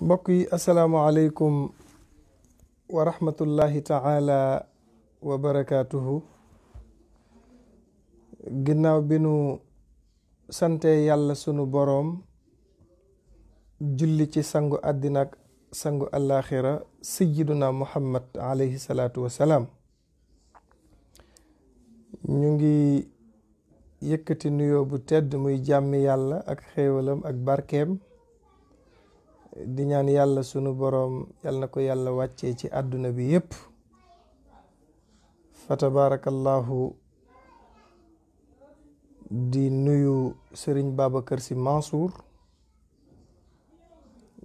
mbokk yi asalaamaaleykum wa rahmatullahi taala ginnaaw bi nu sante yàlla sunu boroom julli ci sangu àddina ak sangu àllaaxira sayyiduna muhammad alayhi salaatu wa salaam ñu ngi yëkkati nuyoo bu tedd muy jàmmi yàlla ak xéewalam ak barkeem di ñaan yàlla sunu boroom yàlla na ko yàlla wàccee ci àdduna bi yépp fa tabaarakallaahu di nuyu sëriñ Babacar Sy Mansour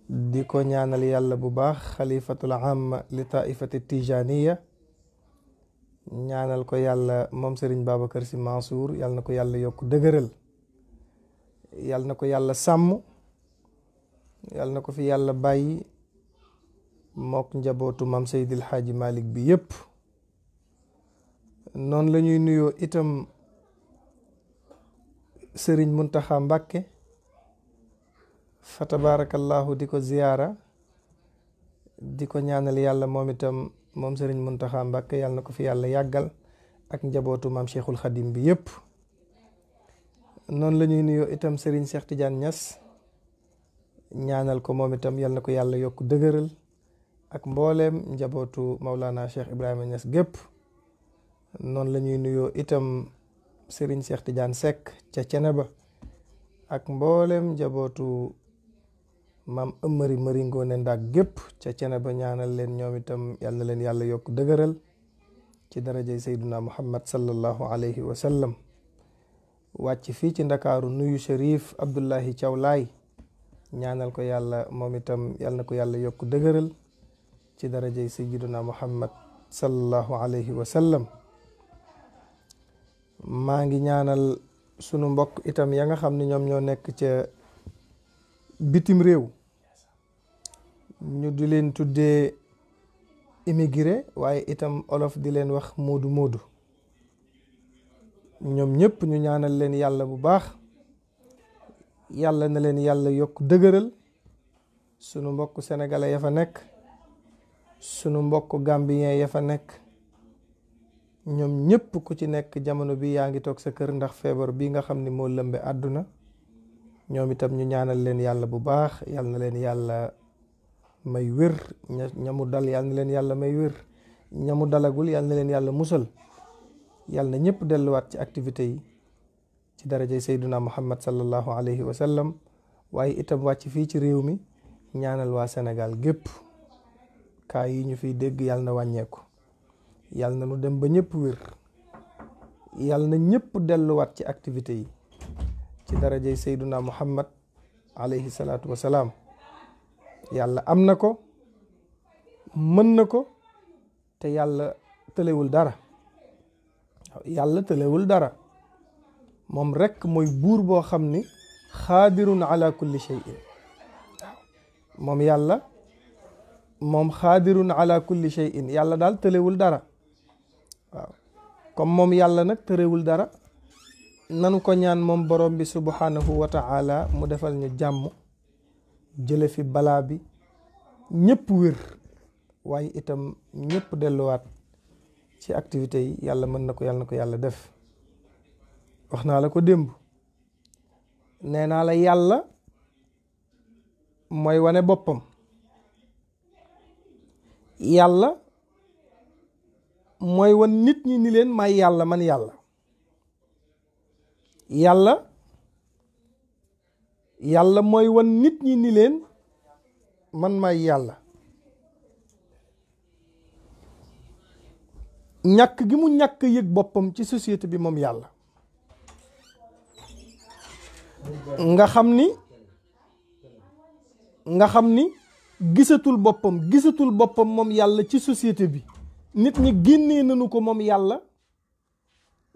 di ko ñaanal yàlla bu baax xalifatul am li taifati tijaniya ñaanal ko yàlla moom sëriñ Babacar Sy Mansour yàlla na ko yàlla yokk dëgëral yàlla na ko yàlla sàmm yàlla na ko fi yàlla bàyyi mook njabootu mam Seydil Xaaji Malik bi yëpp noonu lañuy ñuy nuyoo itam sëriñ Muntaxa Mbàkke fa tabaarakallaahu di ko ziyaara di ko ñaanal yàlla moom itam moom sëriñ Muntaxa Mbàkke yàlla na ko fi yàlla yàggal ak njabootu maam Cheikhul Xadim bi yépp noonu la ñuy nuyoo itam sëriñ seex Tidiane Niass ñaanal ko moom itam yal na ko yàlla yokk dëgëral ak mbooleem njabootu Maulana Cheikh Ibrahima Niass gépp noonu lañuy ñuy nuyoo itam Serigne Cheikh Tidiane Seck ca ba ak mbooleem njabootu maam ëmmëri mëri ngoone ndaag gépp ca cene ba ñaanal leen ñoom itam yal na leen yàlla yokk dëgëral ci darajay sayduna muhammad sallallahu alayhi wa sallam wàcc fii ci ndakaaru nuyu Cherif Abdoulahi Thiaw Laay ñaanal ko yàlla moom itam yàlla na ko yàlla yokk dëgëral ci darajey sayyiduna muhammad sallallahu alayhi wa sallam maa ngi ñaanal sunu mbokk itam ya nga xam ne ñoom ñoo nekk ca bitim réew ñu di leen tuddee immigré waaye itam olof di leen wax mudu moodu ñoom ñëpp ñu ñaanal leen yàlla bu baax yàlla na leen yàlla yokk dëgëral sunu mbokk sénégalais ya fa nekk sunu mbokk gambien ya fa nekk ñoom ñépp ku ci nekk jamono bi yaa ngi toog sa kër ndax feebar bi nga xam ni moo lëmbe àdduna ñoom itam ñu ñaanal leen yàlla bu baax yàlla na leen yàlla may wér ñamu dal yàlla leen yàlla may wér ñamu dalagul yàlla na leen yàlla musal yàlla na ñépp delluwaat ci activité yi ci darajay sayduna muhammad sallallahu alayhi wa sallam waaye itam wàcc fii ci réew mi ñaanal waa senegal gépp kaa yi ñu fiy dégg yàlla na wàññeeku yàlla na nu dem ba ñëpp wér yàlla na ñëpp delluwaat ci activités yi ci darajay sayduna muhammad alayhi salaatu wa salaam yàlla am na ko mën na ko te yàlla tëlewul dara yàlla tëlewul dara moom rekk mooy buur boo xam ni xaadirun ala kulli shay'in moom yàlla moom xaadirun ala kulli shay'in yàlla daal tëlewul dara waaw comme moom yàlla nag tërewul dara nan ko ñaan moom borom bi subhanahu wa ta'ala mu defal ñu jàmm jële fi balaa bi ñëpp wér waaye itam ñëpp delluwaat ci activité yi yàlla mën na ko yàlla na ko yàlla def wax naa la ko démb nee naa la yàlla mooy wane boppam yàlla mooy wan nit ñi ni leen may yàlla man yàlla yàlla yàlla mooy wan nit ñi ni leen man may yàlla ñàkk gi mu ñàkk yëg boppam ci société bi moom yàlla nga xam ni nga xam ni gisatul boppam gisatul boppam moom yàlla ci société bi nit ñi génnee nañu ko moom yàlla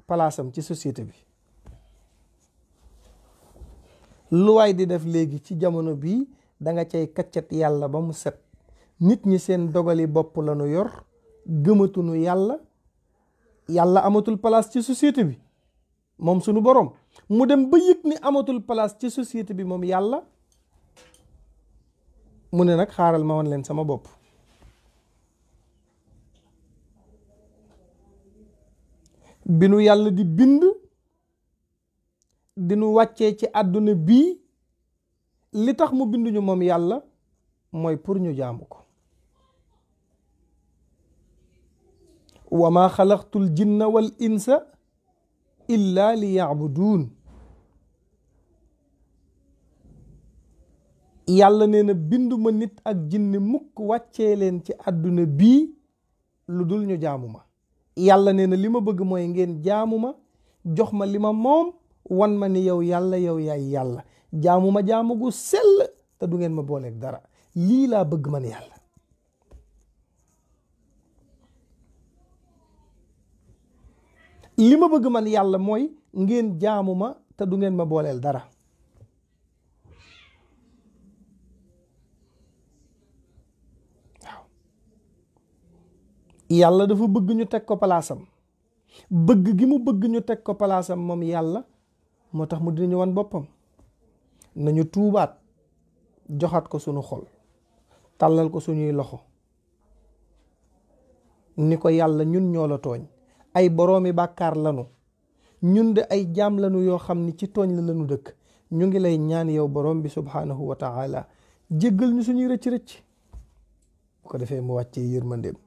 palaasam ci société bi lu waay di def léegi ci jamono bii danga nga cay yàlla ba mu set nit ñi seen dogali bopp la yor gëmatunu yàlla yàlla amatul palaas ci société bi moom sunu boroom mu dem ba yëg ni amatul palaas ci société bi moom yàlla mu ne nag xaaral ma wan leen sama bopp bi nu yàlla di bind di nu wàccee ci àdduna bii li tax mu binduñu moom yàlla mooy pour ñu jaamu ko wa ma xalaqtul insa illa li yaabuduun yàlla nee na binduma nit ak jinne mukk wàcce leen ci àdduna bii lu dul ñu jaamu ma yàlla nee na li ma bëgg mooy ngeen jaamu ma jox ma li ma moom wan ma ni yow yàlla yow yaay yàlla jaamu ma jaamu gu sell te du ngeen ma booleeg dara lii laa bëgg man yàlla li ma bëgg man yàlla mooy ngeen jaamu ma te du ngeen ma booleel dara waaw yàlla dafa bëgg ñu teg ko palaasam bëgg gi mu bëgg ñu teg ko palaasam moom yàlla moo tax mu dinañu wan boppam nañu tuubaat joxaat ko sunu xol tàllal ko suñuy loxo ni ko yàlla ñun ñoo la tooñ ay boroomi bàkkaar lanu ñun de ay jaam lanu yoo xam ni ci tooñ la lanu dëkk ñu ngi lay ñaan yow borom bi subhaanahu wa taala jéggal ñu suñuy rëcc-rëcc bu ko defee mu wàccee yërmandeem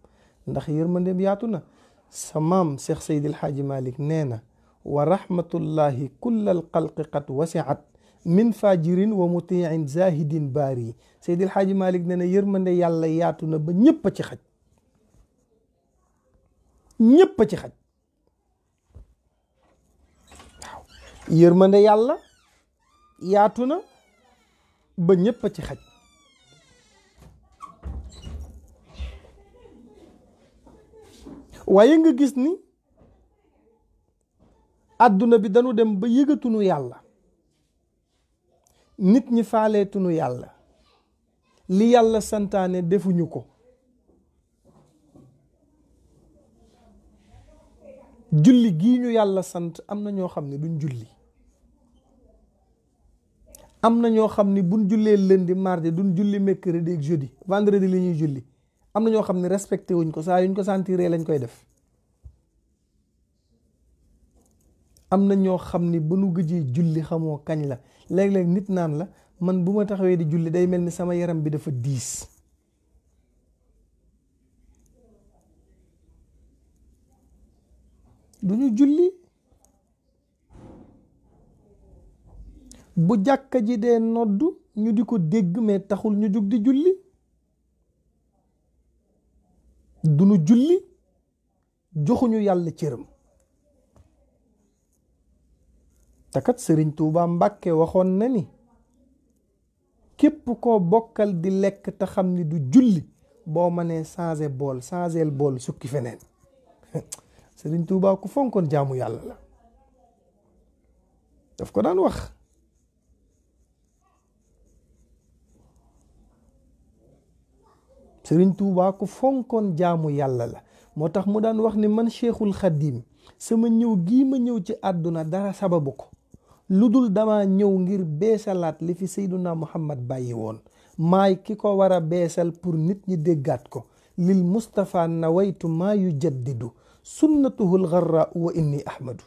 ndax yërmandeem yaatu na sa maam Cheikh Seydil Xaaji Malik nee na wa rahmatullahi kullal xalqi qad wasiat min fajirin wa mutiin zahidin baari Seydil Xaaji Malik nee na yërmande yàlla yaatu na ba ñëpp a ci xaj ñëpp a ci xaj yërmande yàlla yaatu na ba ñëpp a ci xaj waaye nga gis ni àdduna bi dañu dem ba yëgatunu yàlla nit ñi faaleetunu yàlla li yàlla santaane defuñu ko julli gii ñu yàlla sant am na ñoo xam ne duñ julli am na ñoo xam ni buñ jullee lundi mardi duñ julli mercredi ak jeudi vendredi li ñuy julli am na ñoo xam ne respecté wuñ ko saa yuñ ko sentiree lañ koy def am na ñoo xam ni ba nu gëjee julli xamoo kañ la léeg-léeg nit naan la man bu ma taxawee di julli day mel ni sama yaram bi dafa diis duñu julli bu jàkka ji dee nodd ñu di ko dégg mais taxul ñu jug di julli dunu julli joxuñu yàlla cëram takat sëriñ Tuubaa Mbàkke waxoon na ni képp koo bokkal di lekk te xam ni du julli boo mënee changé bool changé bool sukki feneen sëriñ Tuubaa ku fonkoon jaamu yàlla la daf ko daan wax Sëriñ Tuubaa ku fonkoon jaamu yàlla la moo tax mu daan wax ni man Cheikhul Xadim sama ñëw gii ma ñëw ci àdduna dara sababu ko lu dul dama ñëw ngir beesalaat li fi Seyduna Muhammad bàyyi woon maay ki ko wara a beesal pour nit ñi déggaat ko lil Mustafa nawaytu maa yu jaddidu sunnatuhul garra wa inni ahmadu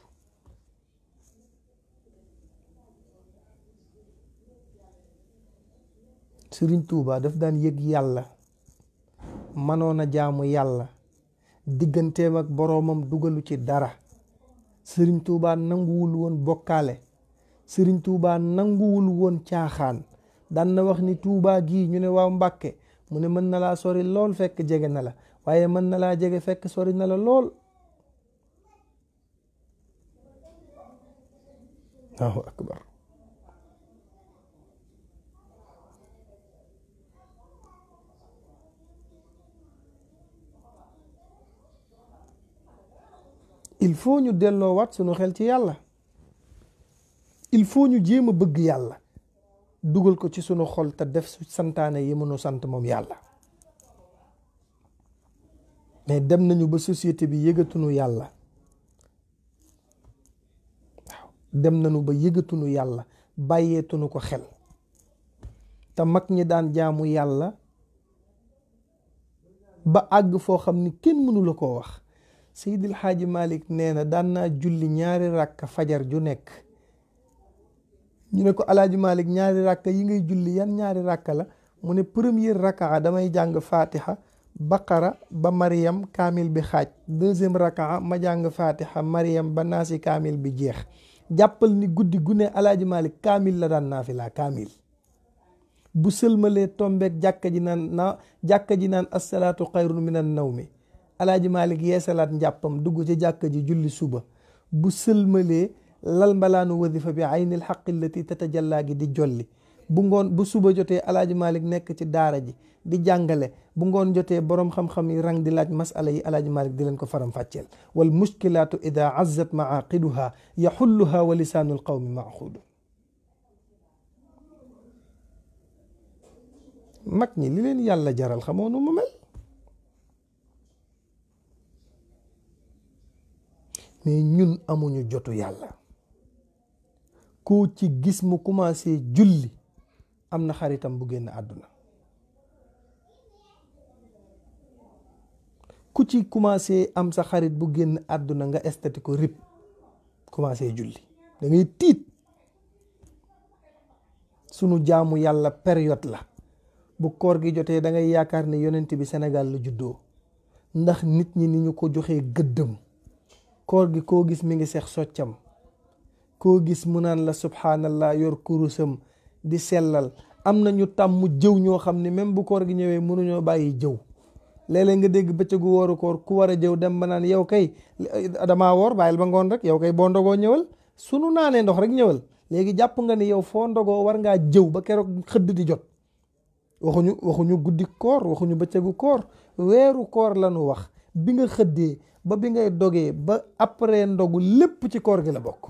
Sëriñ tuuba daf daan yëg yàlla mënoon a jaamu yàlla digganteem ak boroomam dugalu ci dara sëriñ tuubaa nanguwul woon bokkaale sëriñ tuubaa nanguwul woon caaxaan daan na wax ni tuubaa gii ñu ne waaw mbàkke mu ne mën na laa sori lool fekk jege na la waaye mën na laa jege fekk sori na la lool il faut ñu delloowaat sunu xel ci yàlla il faut ñu jéem a bëgg yàlla dugal ko ci sunu xol te def santaane yi mënu sant moom yàlla mais dem nañu ba société bi yëgatunu yàlla waaw dem nañu ba yëgatunu yàlla bàyyeetunu ko xel te mag ñi daan jaamu yàlla ba àgg foo xam ni kenn mënula koo wax Seydil Xaaji Malik nee na daan naa julli ñaari rakk fajar ju nekk ñu ne ko alaaji Malik ñaari rakk yi ngay julli yan ñaari rakk la mu ne première rakaa damay jàng fatiha baqara ba Mariam kaamil bi xaaj deuxième rakaa ma jàng fatiha Mariam ba naasi kaamil bi jeex jàppal ni guddi gu ne alaaji Malik kaamil la daan naa fi kaamil bu sëlmalee tombeek jàkka ji naan naa jàkka ji naan asalaatu xayrun minan nawmi alaaji Malick yeesalaat njàppam dugg ci jàkk ji julli suba bu sëlmalee lal mbalaanu wadifa bi aynil xaq gi di jolli bu ngoon bu suba jotee alaaji malik nekk ci daara ji di jàngale bu ngoon jotee borom xam-xam yi rang di laaj masala yi alaaji Malick di leen ko faram fàcceel wal muskilaatu ida azzat maaqiduha yaxulluha wa lisaanu alqawmi maaxuudu mag ñi li leen yàlla jaral xamoonu mu mel mais ñun amuñu jotu yàlla ku ci gis mu commencé julli am na xaritam bu génn àdduna ku ci commencé am sa xarit bu génn àdduna nga estati ko rib commencé julli da ngay tiit sunu jaamu yàlla période la bu koor gi jotee da ngay yaakaar ne yonent bi Sénégal la juddoo ndax nit ñi ni ñu ko joxee gëddëm koor gi koo gis mu ngi seex soccam koo gis mu naan la subhanallah yor kurusam di sellal am na ñu tàmm jëw ñoo xam ne même bu koor gi ñëwee mënuñoo bàyyi jëw léeg nga dégg bëccëgu wooru koor ku war a jëw dem ba naan yow kay damaa woor bàyyil ba ngoon rek yow kay boo ndogoo ñëwal sunu naanee ndox rek ñëwal léegi jàpp nga ni yow foo ndogoo war ngaa jëw ba keroog xëdd di jot waxuñu waxuñu guddi koor waxuñu bëccëgu koor weeru koor la lañu wax bi nga xëddee ba bi ngay dogee ba après ndogu lépp ci koor gi la bokk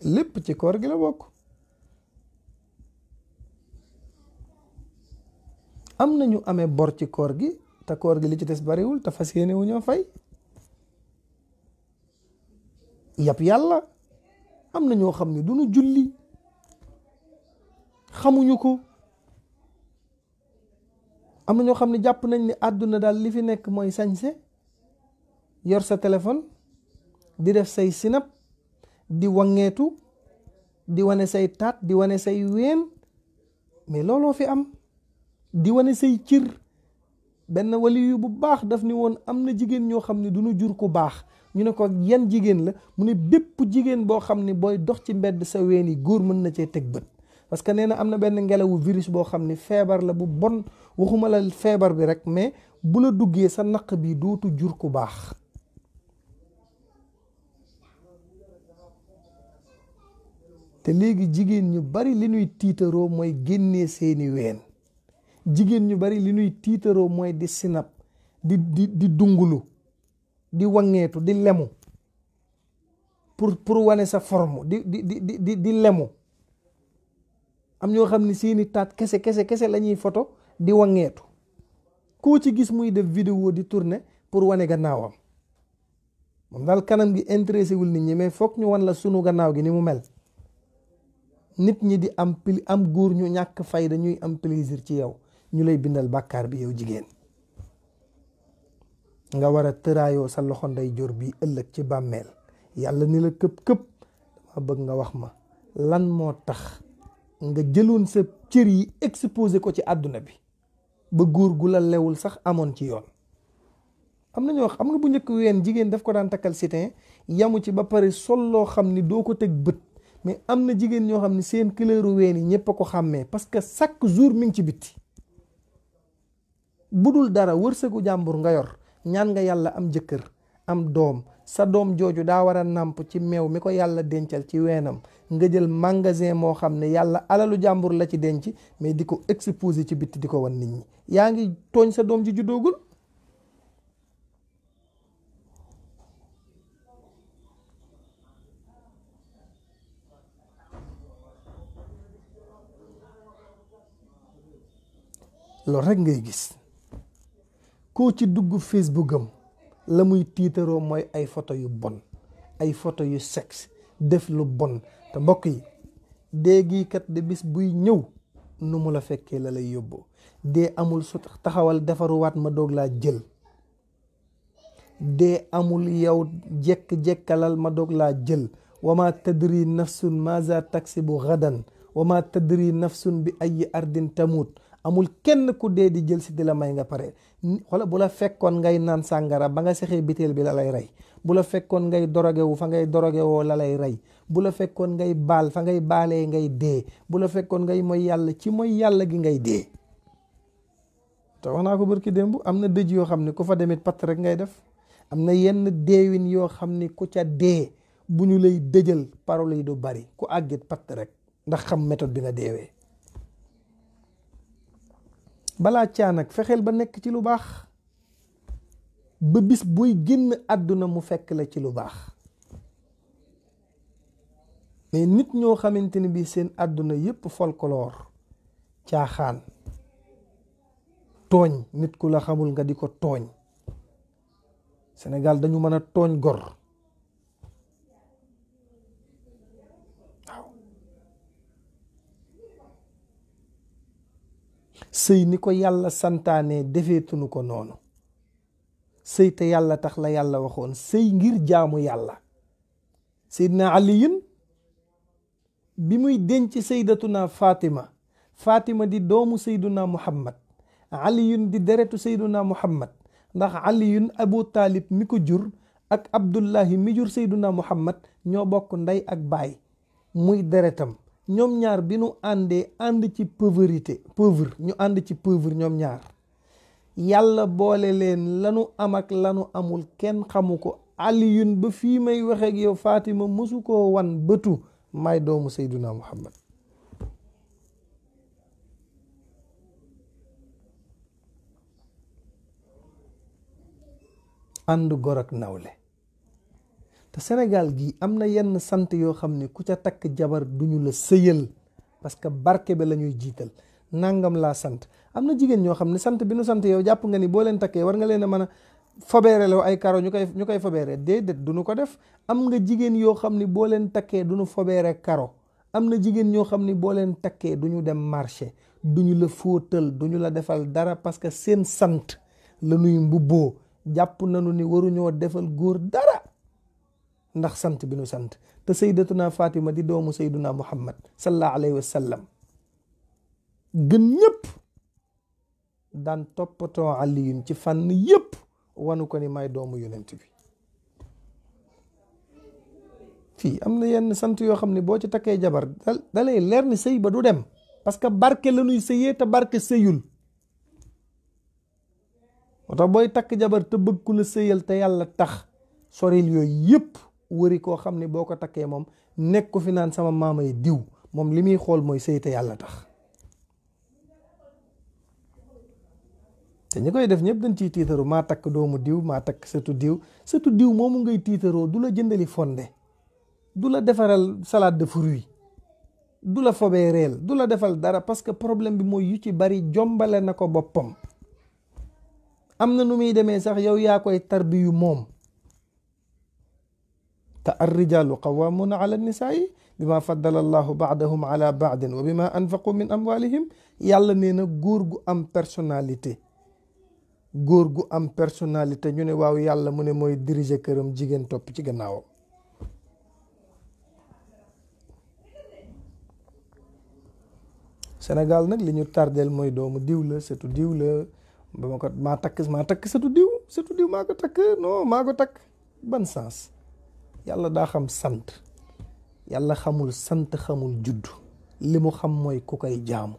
lépp ci koor gi bokk am na ñu amee bor ci koor gi te koor gi li ci des bariwul te fas ñoo fay yab yàlla am na ñoo xam ne du ñu julli xamuñu ko am na ñoo xam ne jàpp nañ ni àdduna daal li fi nekk mooy sañse yor sa téléphone di def say sinap di wangeetu di wane say taat di wane say ween mais looloo fi am di wane say cir benn waliyu bu baax daf ni woon am na jigéen ñoo xam ne du ñu jur ku baax ñu ne ko yenn jigéen la mu ne bépp jigéen boo xam ne booy dox ci mbedd sa ween yi góor mën na cee teg bët parce que nee na am na benn ngelawu virus boo xam ni feebar la bu bon waxuma la feebar bi rek mais bu la duggee sa naq bii dootu jur ku baax te léegi jigéen ñu bari li ñuy tiitaroo mooy seeni ween jigéen ñu bari li ñuy tiitaroo mooy di sinap di di di dungulu di wangeetu di lemu pour pour wane sa forme di di di di lemu am ñoo xam ne seeni taat kese kese kese la ñuy photo di wangeetu koo ci gis muy def vidéo di tourner pour wane gannaawam moom daal kanam gi intéressé wul nit ñi mais foog ñu wan la sunu gannaaw gi ni mu mel nit ñi di am pli am góor ñu ñàkk fayda ñuy am plaisir ci yow ñu lay bindal bàkkaar bi yow jigéen nga war a tëraayoo sa loxo ndeyjoor bi ëllëg ci bàmmeel yàlla ni la këpp këpp dama bëgg nga wax ma lan moo tax nga jëloon sa cër yi exposé ko ci àdduna bi ba góor gu la lewul sax amoon ci yoon am na ñoo am na bu njëkk ween jigéen daf ko daan takkal sitin yamu ci ba pare sol loo xam ni doo ko teg bët mais am na jigéen ñoo xam ne seen couleur ween yi ñëpp a ko xàmmee parce que chaque jour mi ngi ci bitti dul dara wërsëgu jàmbur nga yor ñaan nga yàlla am jëkkër am doom sa doom jooju daa war a nàmp ci meew mi ko yàlla dencal ci weenam nga jël magasin moo xam ne yàlla alalu jàmbur la ci denc mais di ko exposer ci bitti di ko wan nit ñi yaa ngi tooñ sa doom ju juddoogul loolu rek ngay gis koo ci dugg facebook am la muy tiitaroo mooy ay photo yu bon ay photo yu sex def lu bon te mbokk yi dee gii bis buy ñëw nu mu la fekkee la yóbbu dee amul su taxawal defaruwaat ma doog laa jël dee amul yow jekk-jekkalal ma doog laa jël wama tadri nafsun maza taksibu gadan wama tadri nafsun bi ay ardin amul kenn ku dee di jël si di la may nga pare xoolal bu la fekkoon ngay naan sàngara ba nga sexee biteel bi la lay rey bu la fekkoon ngay dorogewu fa ngay dorogewoo la lay rey bu la fekkoon ngay baal fa ngay baalee ngay dee bu la fekkoon ngay mooy yàlla ci mooy yàlla gi ngay dee te wax naa ko barki démb am na dëj yoo xam ne ku fa demit part rek ngay def am na yenn deewin yoo xam ni ku ca dee bu ñu lay dëjël parole yi du bari ku àggit patt rek ndax xam méthode bi nga deewee balaa caa nag fexeel ba nekk ci lu baax ba bis buy génn àdduna mu fekk la ci lu baax mais nit ñoo xamante ni bii seen àdduna yépp folklore caaxaan tooñ nit ku la xamul nga di ko tooñ Sénégal dañu mën a tooñ gor sëy ni ko yàlla santaane defeetunu ko noonu sëy te yàlla tax la yàlla waxoon sëy ngir jaamu yàlla seydina aliyin bi muy denc saydatuna fatima fatima di doomu sayduna muhammad aliyun di deretu sayduna muhammad ndax aliyun abu taalib mi ko jur ak abdullahi mi jur sayduna muhammad ñoo bokk ndey ak baay muy deretam ñoom ñaar bi nu àndee ànd ci pauvreté pauvre ñu ànd ci pauvre ñoom ñaar yàlla boole leen lanu am ak lanu amul kenn xamu ko aliyun ba fii may waxee ak yow Fatima mësu koo wan bëtu may doomu Seyduna Muhammad ànd gor nawle te Sénégal gi am na yenn sant yoo xam ne ku ca takk jabar duñu la sëyal parce que barke bi la ñuy jiital nangam laa sant am na jigéen ñoo xam ne sant bi sant yow jàpp nga ni boo leen takkee war nga leen a mën a fobeere la ay karo ñu koy ñu koy fobeere déedéet du ko def am nga jigéen yoo xam ni boo leen takkee du nu fobeere karo am na jigéen ñoo xam ni boo leen takkee du ñu dem marché du ñu la fóotal du ñu la defal dara parce que seen sant la nuy mbubboo jàpp nañu ni waruñoo defal góor dara ndax sant bi nu sant te saydatuna fatima di doomu sayduna muhammad sallallahu alayhi wa sallam gën ñëpp daan toppatoo aliyun ci fànn yépp wanu ko ni may doomu yonent bi fii am na yenn sant yoo xam ne boo ci takkee jabar da lay leer ni sëy ba du dem parce que barke la ñuy sëyee te barke sëyul moo booy takk jabar te bëgg ku la sëyal te yàlla tax soril yooyu yëpp wëri koo xam ne boo ko takkee moom nekk ko fi naan sama maamay diw moom li muy xool mooy sëy yàlla tax te ñi koy def ñëpp dañ ciy tiitaru maa takk doomu diw maa takk sëtu diw sëtu diw moomu ngay tiitaroo du la jëndali fonde du la defaral salaat de fruits du la foobee reel du la defal dara parce que problème bi mooy yu ci bari jombale na ko boppam am na nu muy demee sax yow yaa koy tarbiyu moom te arrijaalu qawaamuuna ala nisaa'i bi ma faddala allahu baadahum ala baadin wa bi ma anfaqu min amwalihim yàlla nee na góor gu am personnalité góor gu am personnalité ñu ne waaw yàlla mu ne mooy diriger këram jigéen topp ci gannaawam senegal nag li ñu tardeel mooy doomu diw la sëtu diw la ba ma maa takk maa takk sëtu diw sëtu diw maa ko takk non maa ko takk ban sens yàlla daa xam sant yàlla xamul sant xamul judd li mu xam mooy ku koy jaamu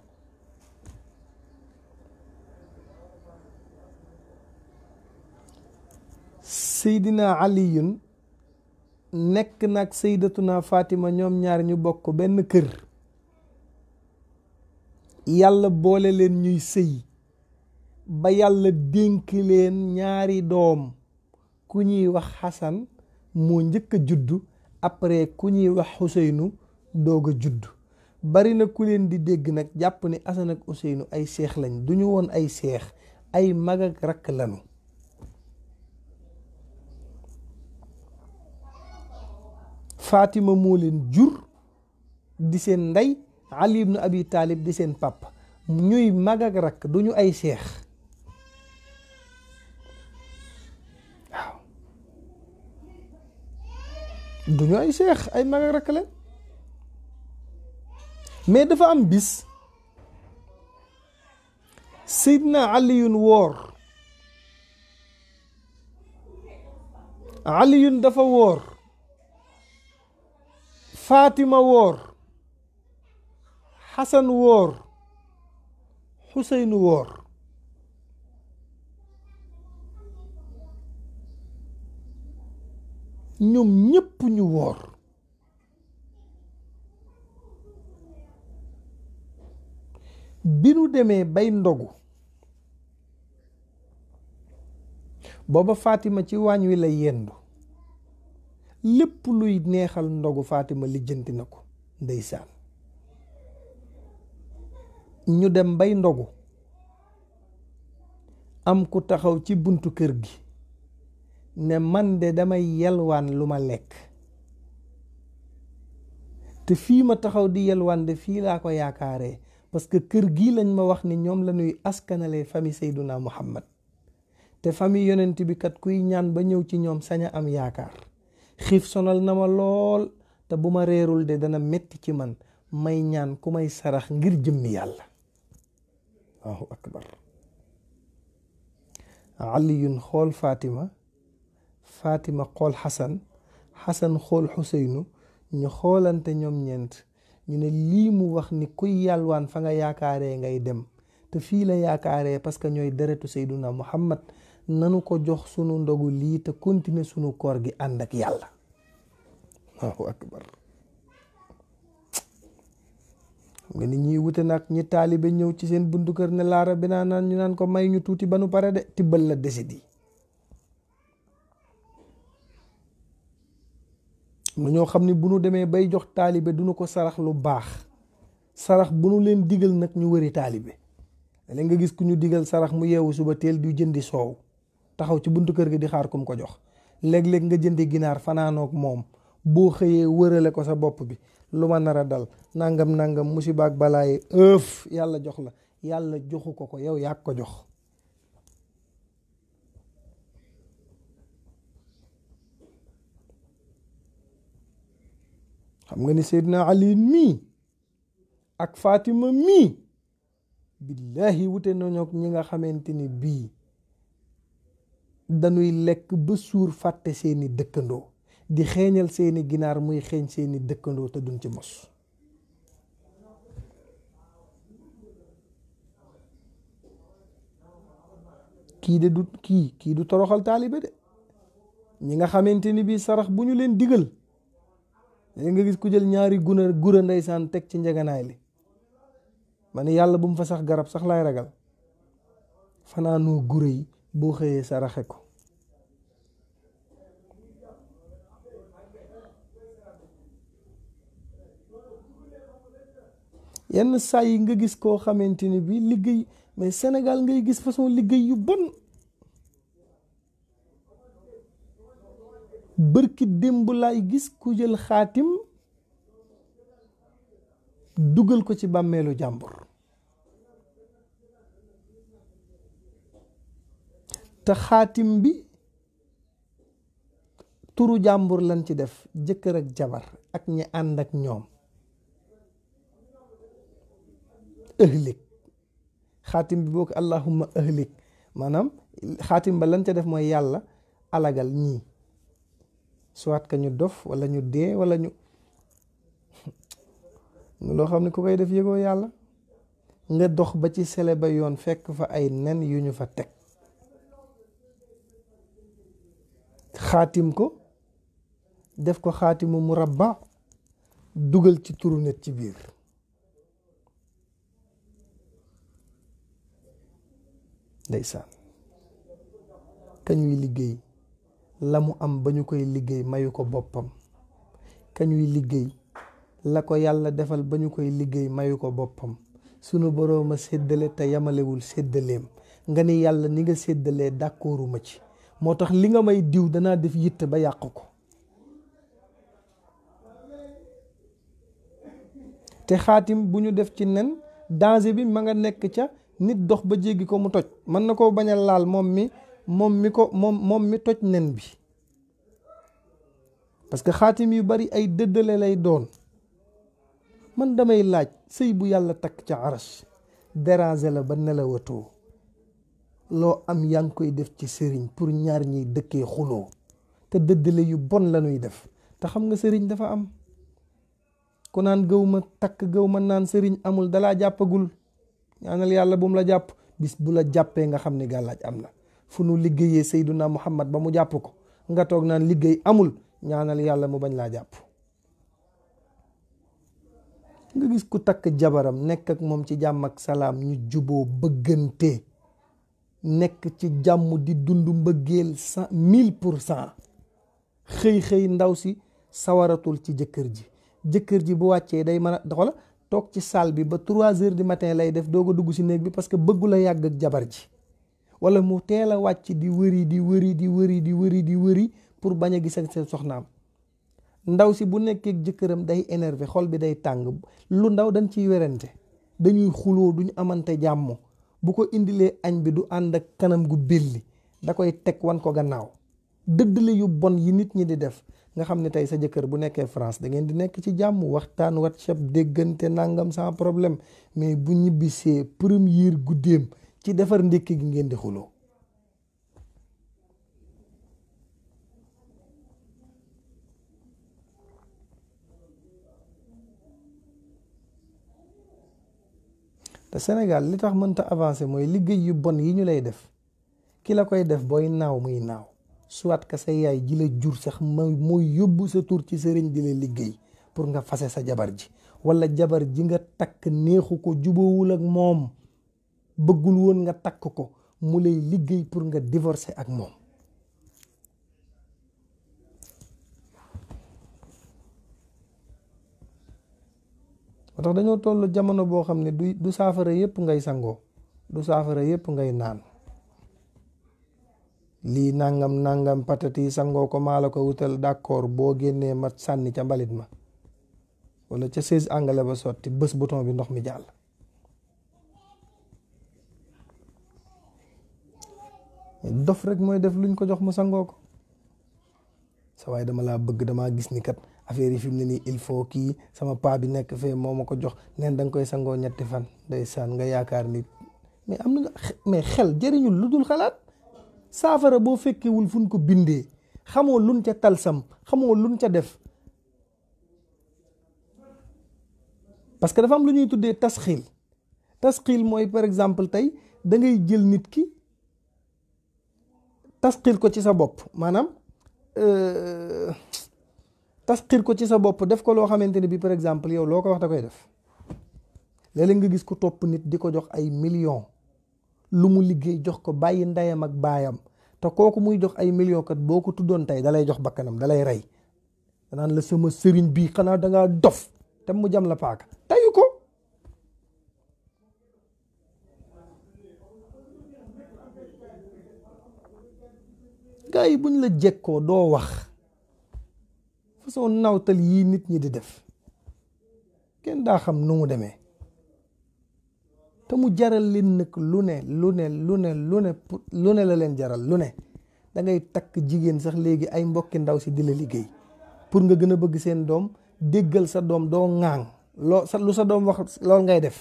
seydina aliyun nekk nag seydatu seydatuna fatima ñoom ñaar ñu bokk benn kër yàlla boole leen ñuy sëy ba yàlla dénk leen ñaari doom ku ñuy wax xasan moo njëkk a juddu après ku ñuy wax Ousseynou doog a juddu bari na ku leen di dégg nag jàpp ni Assane ak Ousseynou ay seex lañ du ñu woon ay seex ay mag ak rakk lañu Fatima moo leen jur di seen ndey Ali ibnu Abi Taalib di seen pàpp ñuy mag ak rakk du ñu ay seex du ay seex ay mag ak rakk mais dafa am bis Seydina Aliyun woor Aliyun dafa woor Fatima woor Xasan woor Xuseyn woor ñoom ñépp ñu woor bi nu demee bay ndogu booba faatima ci waañ wi la yendu lépp luy neexal ndogu faatima lijjanti na ko ndeysaan ñu dem bay ndogu am ku taxaw ci buntu kër gi ne man de damay yelwaan lu ma lekk te fii ma taxaw di yelwaan de fii laa ko yaakaaree parce que kër gii lañ ma wax ni ñoom lañuy ñuy askanale famille Seyduna Muhammad te famille yonent bi kat kuy ñaan ba ñëw ci ñoom sañ am yaakaar xiif sonal na ma lool te bu ma reerul de dana metti ci man may ñaan ku may sarax ngir jëmmi yàlla allahu akbar aliyun xool Fatima Fatima xool Xasan Xasan xool Xuseynu ñu xoolante ñoom ñeent ñu ne lii mu wax ni kuy yàlwaan fa nga yaakaaree ngay dem te fii la yaakaaree parce que ñooy deretu Seyduna Muhammad nanu ko jox sunu ndogu lii te continuer sunu koor gi ànd ak yàlla Allahu akbar nga nit ñuy wute nag ñi taalibe ñëw ci seen buntu kër ne laara bi naa naan ñu naan ko may ñu tuuti ba nu pare de tibbal la desit yi mu ñoo xam ne bu nu demee bay jox taalibe du nu ko sarax lu baax sarax bu nu leen digal nag ñu wëri taalibe léegi nga gis ku ñu digal sarax mu yeewu suba teel du jëndi soow taxaw ci buntu kër gi di xaar kum ko jox léeg-léeg nga jëndi ginaar fanaanoog moom boo xëyee wërale ko sa bopp bi lu ma nar a dal nangam nangam musibaak balaaye ëf yàlla jox la yàlla joxu ko ko yow yaa ko jox xam nga ni Seydina Ali mii ak Fatima mii billahi wute nañoo ñi nga xamante ni bii dañuy lekk ba suur fàtte seeni dëkkandoo di xeeñal seeni ginaar muy xeeñ seeni dëkkandoo te duñ ci mos kii de du kii du toroxal taalibe de ñi nga xamante ni bii sarax bu ñu leen diggal nga gis ku jël ñaari guna gura ndeysaan teg ci njeganaay li ma yàlla bu fa sax garab sax laay ragal fanaanoo gura yi boo saraxe ko yenn saa yi nga gis koo xamante ni bi liggéey mais senegal ngay gis façon liggéey yu bon bërki démb laay gis ku jël xaatim dugal ko ci bàmmeelu jàmbur te xaatim bi turu jàmbur lañ ci def jëkkër ak jabar ak ñi ànd ak ñoom ëhlik xaatim bi boo ko allahumma ëhlik maanaam xaatim ba lañ ca def mooy yàlla alagal ñii soit que ñu dof wala ñu dee wala ñu loo xam ne ku koy def yëgoo yàlla nga dox ba ci sele ba yoon fekk fa ay nen yu ñu fa teg xaatim ko def ko xaatimu murabba dugal ci turu ci biir ndeysaan kañuy liggéey la mu am ba ñu koy liggéey mayu ko boppam kañuy liggéey la ko yàlla defal ba ñu koy liggéey mayu ko boppam sunu borooma séddale te yamalewul séddaleem nga ni yàlla ni nga séddalee d'accorduma ci moo tax li nga may diw danaa def yitte ba yàq ko te xaatim bu ñu def ci nen danger bi ma nga nekk ca nit dox ba jéggi ko mu toj mën na koo bañal a laal moom mi moom mi ko moom moom mi toj nen bi parce que xaatim yu bari ay dëddale lay doon man damay laaj sëy bu yàlla takk ca aras déranger la ba nelawatoo loo am yaa ngi koy def ci sëriñ pour ñaar ñiy dëkkee xuloo te dëddale yu bon la ñuy def te xam nga sëriñ dafa am ku naan gëw ma takk gëw ma naan sëriñ amul dalaa jàppagul ñaanal yàlla bu la jàpp bis bu la jàppee nga xam ne gàllaaj am na fu nu liggéeyee Seyduna Muhammad ba mu jàpp ko nga toog naan liggéey amul ñaanal yàlla mu bañ laa jàpp nga gis ku takk jabaram nekk ak moom ci jàmm ak salaam ñu juboo bëggante nekk ci jàmm di dund mbëggeel cent mille pour cent xëy xëy ndaw si sawaratul ci jëkkër ji jëkkër ji bu wàccee day mën a doxala toog ci salle bi ba trois heures du matin lay def doog a dugg si néeg bi parce que bëggu yàgg ak jabar ji wala mu teel a wàcc di wëri di wëri di wëri di wëri di wëri pour bañ a gis ak seen soxnaam ndaw si bu nekkee jëkkëram day énervé xol bi day tàng lu ndaw dañ ciy werante dañuy xuloo duñu amante jàmm bu ko indilee añ bi du ànd ak kanam gu belli da koy teg wan ko gannaaw dëddale yu bon yi nit ñi di def nga xam ne tey sa jëkkër bu nekkee France da ngeen di nekk ci jàmm waxtaan WhatsApp déggante nangam sans problème mais bu ñibbisee première guddeem ci defar ndékki gi ngeen di xuloo te Sénégal li tax mënta avancé mooy liggéey yu bon yi ñu lay def ki la koy def booy naaw muy naaw soit que sa yaay ji la jur sax mooy yóbbu sa tur ci sëriñ di la liggéey pour nga fase sa jabar ji wala jabar ji nga takk neexu ko jubóowul ak moom bëggul woon nga takk ko mu lay liggéey pour nga divorcer ak moom moo tax dañoo toll jamono boo xam ne du du saafara yépp ngay sangoo du saafara yépp ngay naan lii nangam nangam patati sangoo ko maa la ko wutal d'accord boo génnee ma sànni ca mbalit ma wala ca seize angale ba sotti bës bouton bi ndox mi jàll dof rek mooy def lu luñ ko jox mu sangoo ko sa waaye dama laa bëgg damaa gis ni kat affaire yi fi mu ne nii il faut kii sama paa bi nekk fee moo ma ko jox neen da koy sangoo ñetti fan saan nga yaakaar ni mais am na mais xel jëriñul lu dul xalaat saafara boo fekkewul fuñ ko bindee xamoo luñ ca talsam xamoo luñ ca def parce que dafa am lu ñuy tuddee tasxiil tasxiil mooy par exemple tey da ngay jël nit ki tasxiir ko ci sa bopp maanaam euh, tasxiir ko ci sa bopp def ko loo xamante ne bi par exemple yow loo ko wax da koy def léeg nga gis ko topp nit di ko jox ay millions lu mu liggéey jox ko bàyyi ndeyam ak baayam te kooku muy jox ay millions kat boo ko tuddoon tey dalay jox bakkanam dalay rey danaan la sama sëriñ bii xanaa dangaa dof te mu jam la paaka gars yi buñ la jekkoo doo wax façon nawtal yii nit ñi di def kenn daa xam nu mu demee te mu jaral leen nag lu ne lu ne lu ne lu ne lu ne la leen jaral lu ne dangay ngay takk jigéen sax léegi ay mbokki ndaw si di la liggéey pour nga gën a bëgg seen doom déggal sa doom doo ŋaang loo sa lu sa doom wax lool ngay def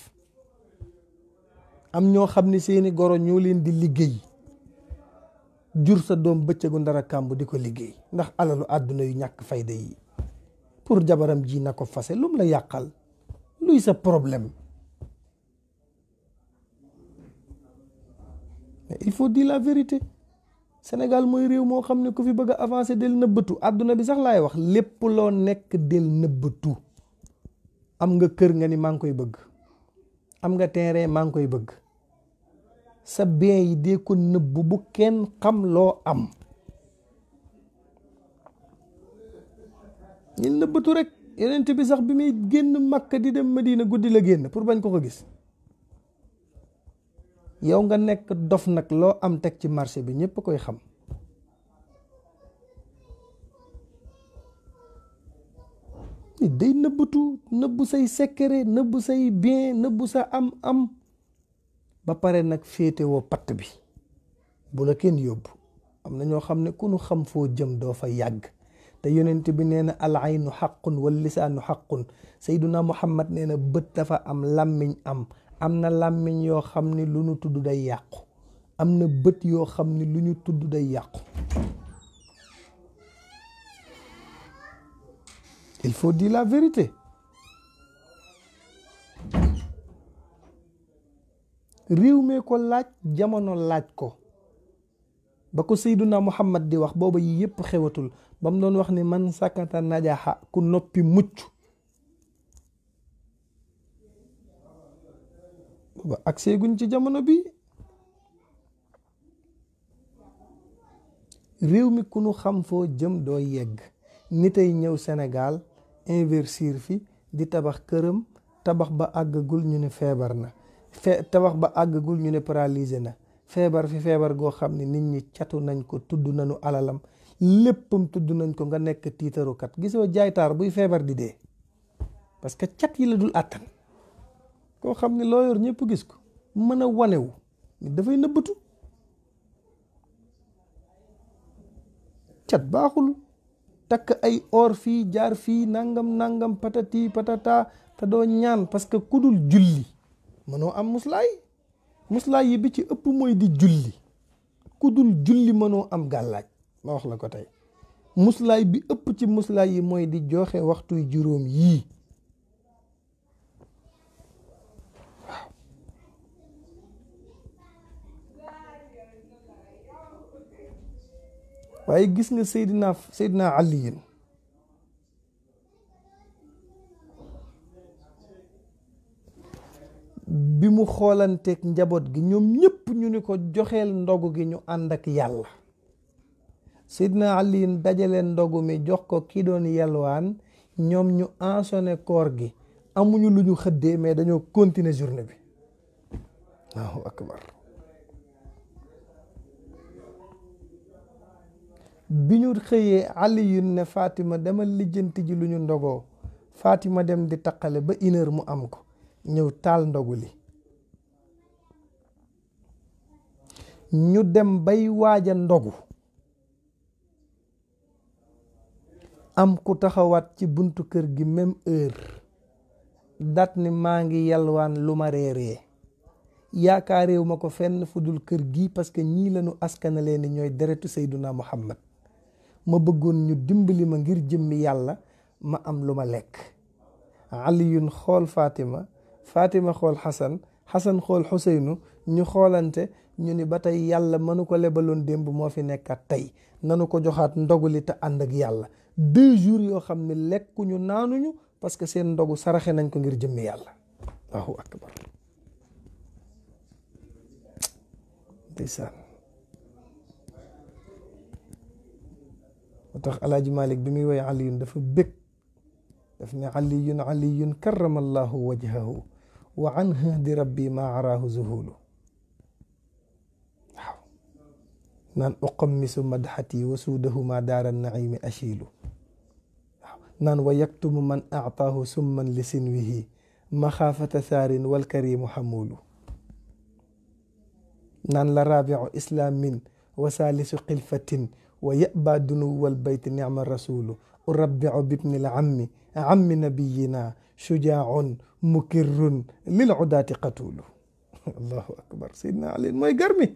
am ñoo xam ne seeni goro ñoo leen di liggéey jur sa doom bëccëgu ndara kàmb di ko liggéey ndax alalu àdduna yu ñàkk fayda yi pour jabaram jii na ko fase lum la yàqal luy sa problème il faut dire la vérité Sénégal mooy réew moo xam ne ku fi bëgg a avancer del nëbbatu àdduna bi sax laay wax lépp loo nekk del nëbbatu am nga kër nga ni maa ngi koy bëgg am nga terrain maa ngi koy bëgg sa bien yi dee ko nëbb bu kenn xam loo am ñu nëbbatu rek yeneen bi sax bi may génn Makka di dem Madina guddi la génn pour bañ ko ko gis yow nga nekk dof nag loo am teg ci marché bi ñëpp koy xam day nëbbatu nëbb say secret nëbb say bien nëbb sa am am ba pare nag féetewoo patt bi bu la kenn yóbbu am na ñoo xam ne ku nu xam foo jëm doo fa yàgg te yonent bi nee na al aynu xaqun wal lisaanu xaqun sayduna muhammad nee na bët dafa am làmmiñ am am na làmmiñ yoo xam ne lu ñu tudd day yàqu am na bët yoo xam ni lu ñu tudd day yàqu il faut di la vérité réew mee ko laaj jamono laaj ko ba ko sayduna muhammad di wax booba yi yëpp xewatul ba mu doon wax ni man sakata najaxa ku noppi mucc ba ak seeguñ ci jamono bi réew mi ku nu xam foo jëm doo yegg nitay ñëw Sénégal inversir fi di tabax këram tabax ba àggagul ñu ne feebar na fe tabax ba àggagul ñu ne paralysé na feebar fi feebar goo xam ne nit ñi catu nañ ko tudd nañu alalam léppam tudd nañ ko nga nekk tiitaru kat gisoo jaaytaar buy feebar di dee parce que cat yi la dul àttan koo xam ne loo yor ñëpp gis ko mën a wanewu ni dafay nëbbatu cat baaxul takk ay or fii jaar fii nangam nangam patati patata te doo ñaan parce que ku dul julli mënoo am muslaay muslaay yi bi ci ëpp mooy di julli ku dul julli mënoo am gàllaaj ma wax la ko tey muslaay bi ëpp ci muslaay yi mooy di joxe waxtu juróom yii waaye gis nga Seydina Seydina Ali bi mu xoolanteeg njaboot gi ñoom ñépp ñu ni ko joxeel ndogu gi ñu ànd ak yàlla sidna aliin dajale ndogu mi jox ko kii doon yalwaan ñoom ñu ensonné koor gi amuñu lu ñu xëddee mais dañoo continuer journée bi allahu bi ñu xëyee aliyun ne Fatima dama lijjant ji lu ñu ndogoo Fatima dem di taqale ba une mu am ko ñëw taal ndogu li ñu dem bay waaja ndogu am ku taxawaat ci buntu kër gi même heure dat ni maa ngi yalwaan lu ma reeree yaakaareewu ma ko fenn fu dul kër gi parce que ñii lañu askanale ni ñooy deretu Seyduna Muhammad ma bëggoon ñu dimbali ma ngir jëmmi yàlla ma am lu ma lekk aliyun xool Fatima Fatima xool Xasan Xasan xool Xuseynu ñu xoolante ñu ni ba tey yàlla mënu ko lebaloon démb moo fi nekkaat tey nanu ko joxaat ndogu li te ànd ak yàlla deux jours yoo xam ne lekkuñu naanuñu parce que seen ndogu saraxe nañ ko ngir jëmmi yàlla allahu akbar ndeysaan bi muy woy aliyun dafa bëgg daf ne aliyun aliyun karamallahu wajhahu wa anhu di rabbi ma araahu zuhulu naan uqammisu madxati wa suudahuma daara naimi achilu waaw naan wa yaktumu man aataahu summan li sinwihi maxaafata saarin walkarimu xamulu naan la raabiu islaamin wa saalisu xilfatin wa yaba dunuwal bayt nicma rasulu urabbiu bibni l ammi ammi nabiyina shujaaun mukirrun lil udaati qatulu allahu akbar sayidna ali mooy garmi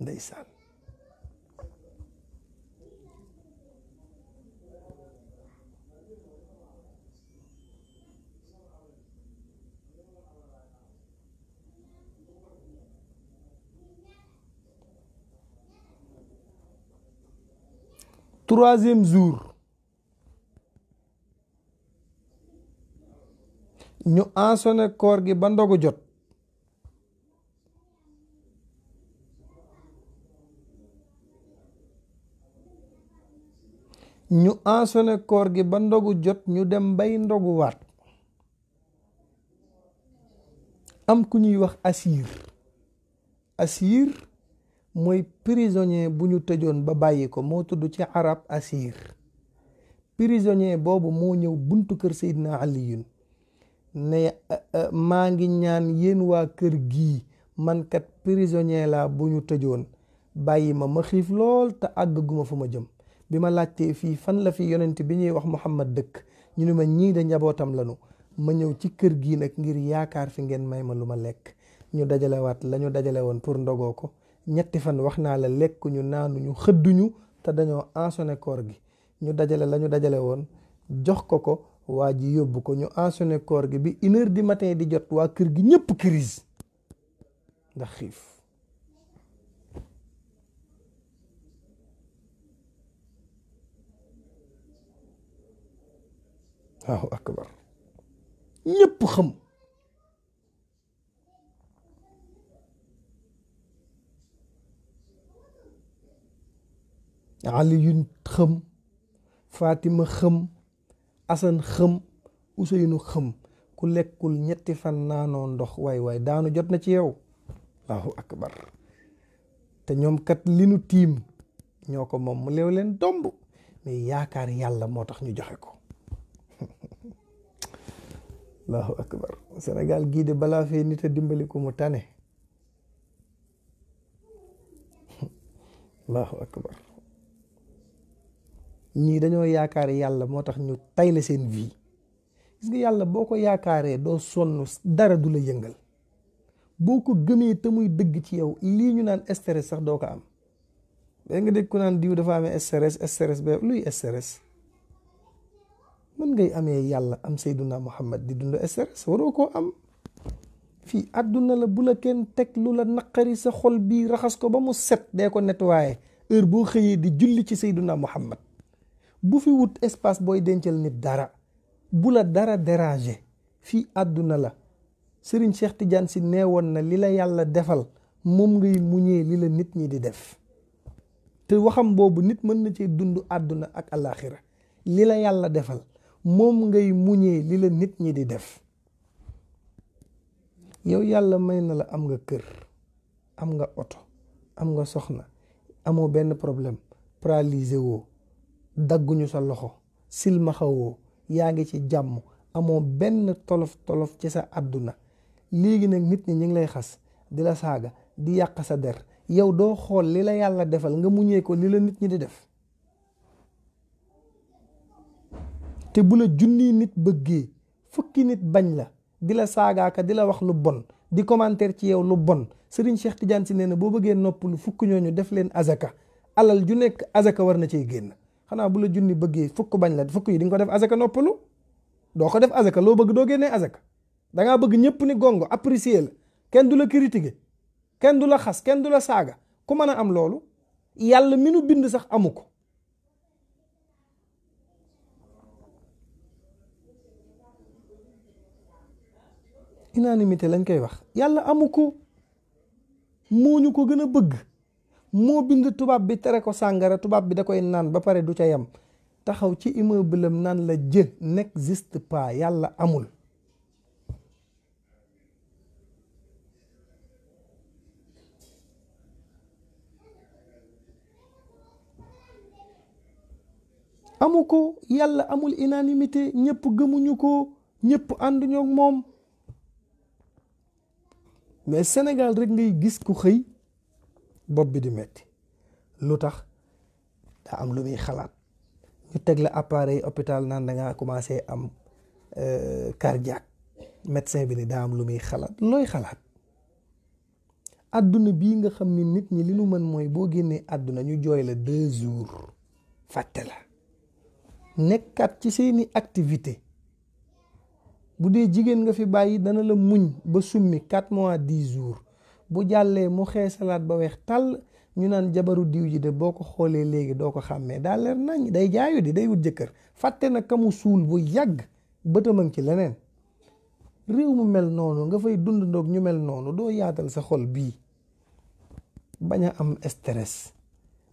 ndeysaan troisième jour ñu ansone gi ba ndogu jot ñu dem bay ndogu am ku ñuy wax asiir asiir mooy prisonnier bu ñu tëjoon ba bàyyi ko moo tudd ci arab asir prisonnier boobu moo ñëw buntu kër Seydina Aliyun ne maa ngi ñaan yéen waa kër gii man kat prisonnier laa bu ñu tëjoon bàyyi ma ma xiif lool te àggaguma fu ma jëm bi ma laajtee fii fan la fi yonent bi ñuy wax mu xam Muhammad dëkk ñu ni ma ñii de njabootam lanu ma ñëw ci kër gii nag ngir yaakaar fi ngeen may ma lu ma lekk ñu dajalewaat lañu ñu dajale woon pour ndogoo ko ñetti fan wax naa la lekk ñu naanuñu xëdduñu te dañoo enchaîné koor gi ñu dajale lañu dajale woon jox ko ko waa ji yóbbu ko ñu enchaîné koor gi bi une heure du matin di jot waa kër gi ñëpp crise ndax xiif waaw akbar ñëpp xam Aliyun xëm Fatima xëm Asan xëm Useynu xëm ku lekkul ñetti fan naanoo ndox waay waay daanu jot na ci yow allahu akbar te ñoom kat li nu tiim ñoo ko moom mu leew leen domb mais yaakaar yàlla moo tax ñu joxe ko allahu gii de balaa fee nit a dimbali ko mu tane ñii dañoo yaakaar yàlla moo tax ñu tay la seen vie gis nga yàlla boo ko yaakaaree doo sonn dara du la yëngal boo ko gëmee te muy dëgg ci yow lii ñu naan stress sax doo ko am da nga dégg ko naan diw dafa amee stress stress ba luy stress mën ngay amee yàlla am sayduna muhammad di dund stress waroo koo am fii àdduna la bu la kenn teg lu la naqari sa xol bii raxas ko ba mu set dee ko waaye heure boo xëyee di julli ci sayduna muhammad bu fi wut espace booy dencal nit dara bu la dara déranger fii àdduna la Serigne Cheikh Tidiane si neewoon na li la yàlla defal moom ngay muñee li la nit ñi di def te waxam boobu nit mën na cee dund àdduna ak alaaxira li la yàlla defal moom ngay muñee li la nit ñi di def yow yàlla may na la am nga kër am nga oto am nga soxna amoo benn problème paralysé woo dagguñu sa loxo silmaxawoo yaa ngi ci jàmm amoo benn tolof tolof ci sa àdduna léegi nag nit ñi ñu ngi lay xas di la saaga di yàq sa der yow doo xool li la yàlla defal nga muñee ko li la nit ñi di def te bu la junni nit bëggee fukki nit bañ la di la saagaaka di la wax lu bon di commentaire ci yow lu bon Serigne Cheikh Tidiane si nee na boo bëggee nopp lu fukki ñooñu def leen azaka alal ju nekk azaka war na cee génn xanaa bu la junni bëggee fukk bañ la fukk yi di nga ko def azaka noppalu doo ko def azaka loo bëgg doo génnee azaka dangaa bëgg ñëpp ni gongo apprécier la kenn du la critiquer kenn du la xas kenn du la saaga ku mën a am loolu yàlla mi bind sax amu ko unanimité lañ koy wax yàlla amu ko moo ñu ko gën a bëgg moo bind tubaab bi tere ko sàngara tubaab bi da koy naan ba pare du ca yem taxaw ci immeuble am naan la jë n'existe pas yàlla amul amu ko yàlla amul unanimité ñëpp gëmuñu ko ñëpp ànduñoo moom mais senegal rek ngay gis ku xëy bopp bi di metti lu tax daa am lu muy xalaat ñu teg la appareil hôpital naan dangaa ngaa commencé am euh, cardiaque médecin bi ne daa am lu muy xalaat looy xalaat àdduna bii nga xam ni nit ñi li nu mën mooy boo génnee àdduna ñu jooy la deux jours fàtte la nekkaat ci seeni activité bu dee jigéen nga fi bàyyi dana la muñ ba summi quatre mois dix jours bu jàllee mu salaat ba weex tàll ñu naan jabaru diw ji de boo ko xoolee léegi doo ko xàmmee daa nañ day jaayu di day wut jëkkër fàtte na kamu suul bu yàgg bëtamang ci leneen réew mu mel noonu nga fay dund ndoog ñu mel noonu doo yaatal sa xol bii bañ a am stress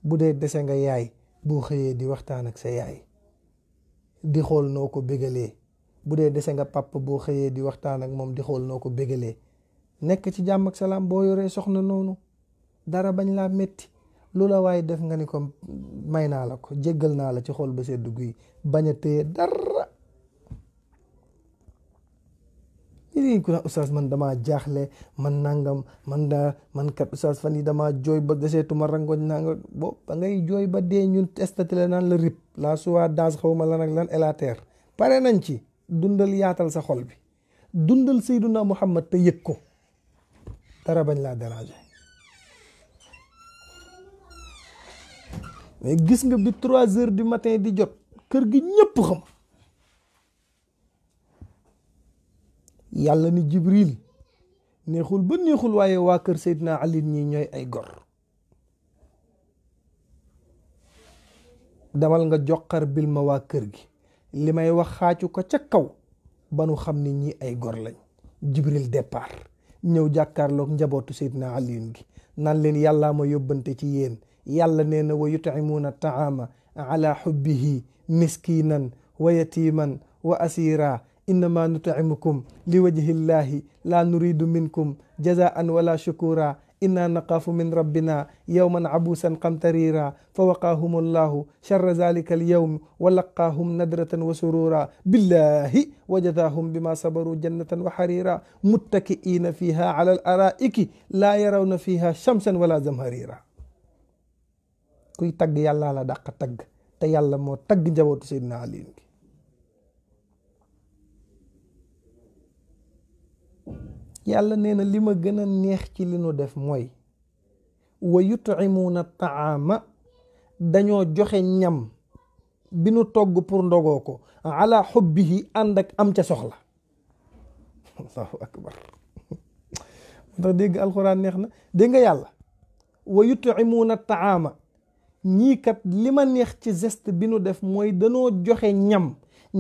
bu dee dese nga yaay boo xëyee di waxtaan ak sa yaay di xool noo ko bégalee bu dee dese nga pàpp boo xëyee di waxtaan ak moom di xool noo ko bégalee nekk ci jàmm ak salaam boo yoree soxna noonu dara bañ laa metti lu la waaye def nga ni ko may naa la ko jéggal naa la ci xol ba sedd guy bañ a téye dara man damaa jaaxle man nangam man daa man kat oustaz fan yi damaa jooy ba deseetuma rangoñ nangam bo ba ngay jooy ba dee ñun testaté la la rip la suwa daas xaw ma lan ak lan elateer pare nañ ci dundal yaatal sa xol bi dundal sayduna muhammad te yëg ko dara bañ laa déranger mais gis nga bi trois heures du matin di jot kër gi ñépp xam yàlla ni jibril neexul ba neexul waaye waa kër Seydina Ali ñi ñooy ay gor damal nga joxar bil ma waa kër gi li may wax xaaju ko ca kaw ba nu xam ni ñi ay gor lañ jibril départ ñëw jàkkaarloog njabootu Seydina Aliyun gi nan leen yàllaa ma yóbbante ci yéen yàlla nee na wa yutcimuuna taama ala xubbihi miskinan wa yatiman wa asira innama nutcimukum li wajhi llahi laa nuridu minkum jazaan wala shukura inna naqaafu min rabbina yawman abuusan qamtarira fa waqaahum allahu charra zalika alyawm wa laqaahum nadratan wa surura billahi wajadaahum bima sabaru jannatan wa harira muttaki'ina fiha ala al araiki laa yarawna fiha shamsan wala zamharira kuy tagg yàllaa la dàq tagg te yàlla moo tagg njabootu saydna aliin gi yàlla nee na li ma gën a neex ci li nu def mooy wa yutcimuuna taama dañoo joxe ñam bi nu togg pour ndogoo ko ala am ca soxla allahu akbar alxuraan neex na dégg nga yàlla wa yutcimuuna taama ñii kat li ma neex ci geste bi nu def mooy danoo joxe ñam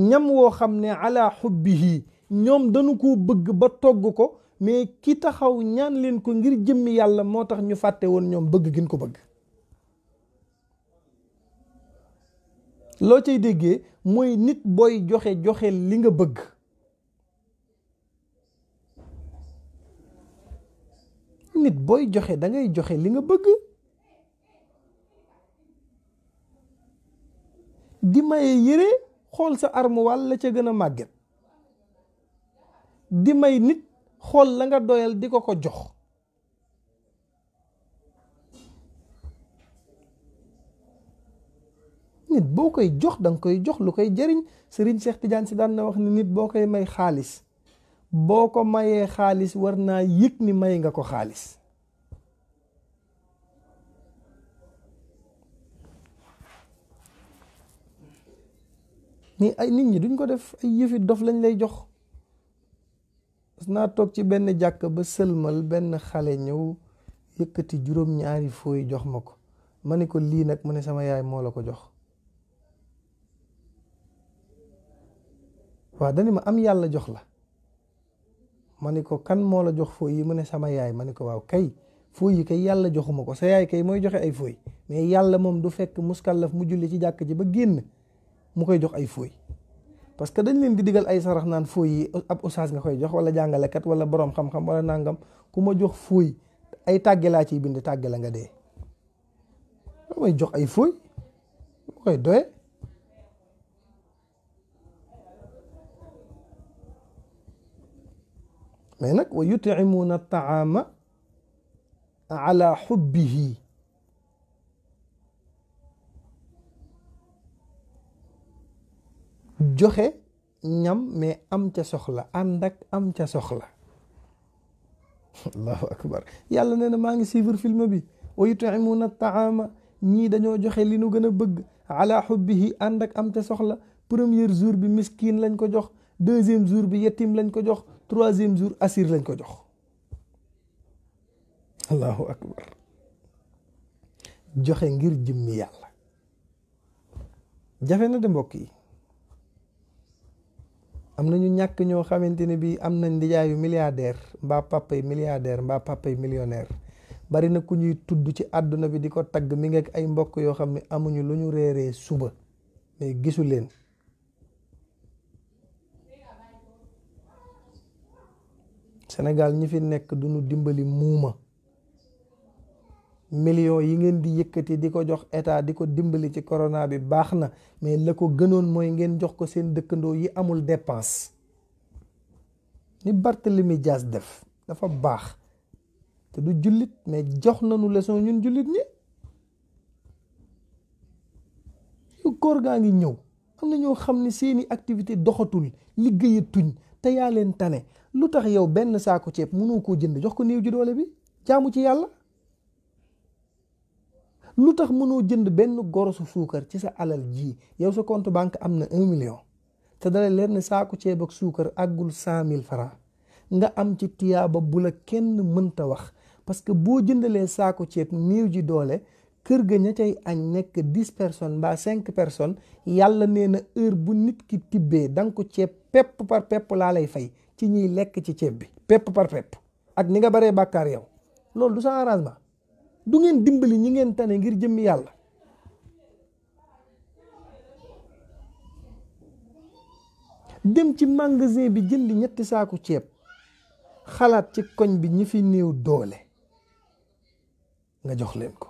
ñam woo xam ne ala xubbihi ñoom dañu ko bëgg ba togg ko mais ki taxaw ñaan leen ko ngir jëmmi yàlla moo tax ñu fàtte woon ñoom bëgg gin ko bëgg loo cay déggee mooy nit booy joxe joxe li nga bëgg nit booy joxe da joxe li nga bëgg di maye yére xool sa armuwaal la ca gën a màgget di may nit xool la nga doyal di ko ko jox nit boo koy jox danga koy jox lu koy jëriñ sëriñ Cheikh Tidiane si daan na wax ni nit boo koy may xaalis boo ko mayee xaalis war naa yëg ni may nga ko xaalis ni ay nit ñi duñ ko def ay yëfit dof lañ lay jox naa toog ci benn jàkk ba sëlmal benn xale ñëw yëkkati juróom-ñaari fooy jox ma ko ma ne ko lii nag mu ne sama yaay moo la ko jox waaw dani ma am yàlla jox la ma ne ko kan moo la jox fooy yi mu ne sama yaay ma ne ko waaw kay fooy yi kay yàlla joxuma ko sa yaay kay mooy joxe ay fooy mais yàlla moom du fekk muskàllaf mu julli ci jàkk ji ba génn mu koy jox ay fooy parce que dañ leen di digal ay sarax naan fooy yi ab oustaz nga koy jox wala jàngalekat wala borom xam-xam wala nangam ku ma jox fooy ay tàgge laa ciy bind tàgge nga dee jox ay fooy ma koy doye mais nag wa yutimuuna taama ala xubbihi joxe ñam mais am ca soxla ànd ak am ca soxla allahu akbar yàlla nee na maa ngi suivre film bi wa yutcimuuna taama ñii dañoo joxe li nu gën a bëgg ala xubbihi ànd ak am soxla premier jour bi miskin lañ ko jox deuxième jour bi yetim lañ ko jox troisième jour asir lañ ko jox allahu akbar joxe ngir jëmmi yàlla jafe na de mbokk yi am na ñu ñàkk ñoo xamante ne bii am nañ ndijaayu milliardaire mbaa papa yi milliardaire mbaa papa yi bari na ku ñuy tudd ci àdduna bi di ko tagg mi ngi ay mbokk yoo xam ni amuñu lu ñu reere suba mais gisu leen senegal ñi fi nekk du ñu dimbali muuma millions yi ngeen di yëkkati di ko jox état di ko dimbali ci corona bi baax na mais la ko gënoon mooy ngeen jox ko seen dëkkandoo yi amul dépense ni Barthélemy Dias def dafa baax te du jullit mais jox nañu leçon ñun jullit ñi yu koor gaa ngi ñëw am na ñoo xam ne seeni activité doxatul liggéeyatuñ te yaa leen tane lu tax yow benn saako ceeb mënoo ko jënd jox ko néew ji doole bi jaamu ci yàlla lu tax mënoo jënd benn gorosu suukar ci sa alal ji yow sa compte banque am na un million te dala leer ne saaku ceeb ak suukar àggul cent mille francs nga am ci tiyaaba bu la kenn mënta wax parce que boo jëndalee saaku ceeb néew ji doole kër ga ña cay añ nekk dix personnes mbaa cinq personnes yàlla nee na heure bu nit ki tibbee da ko ceeb pepp par pepp laa lay fay ci ñuy lekk ci ceeb bi pepp par pepp ak ni nga baree bàkkaar yow loolu du sa arrangement du ngeen dimbali ñi ngeen tane ngir jëmmi yàlla dem ci magasin bi jënd ñetti saaku ceeb xalaat ci koñ bi ñi fi néew doole nga jox leen ko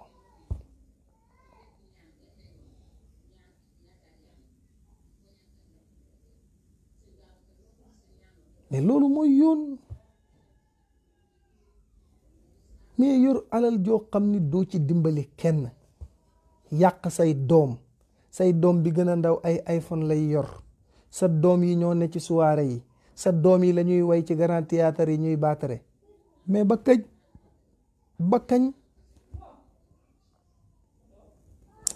mais loolu mooy yoon mais yor alal joo xam ni doo ci dimbali kenn yàq say doom say doom bi gën a ndaw ay iPhone lay yor sa doom yi ñoo ne ci soirée yi sa doom yi la ñuy way ci grand théâtre yi ñuy baatare mais ba kañ ba kañ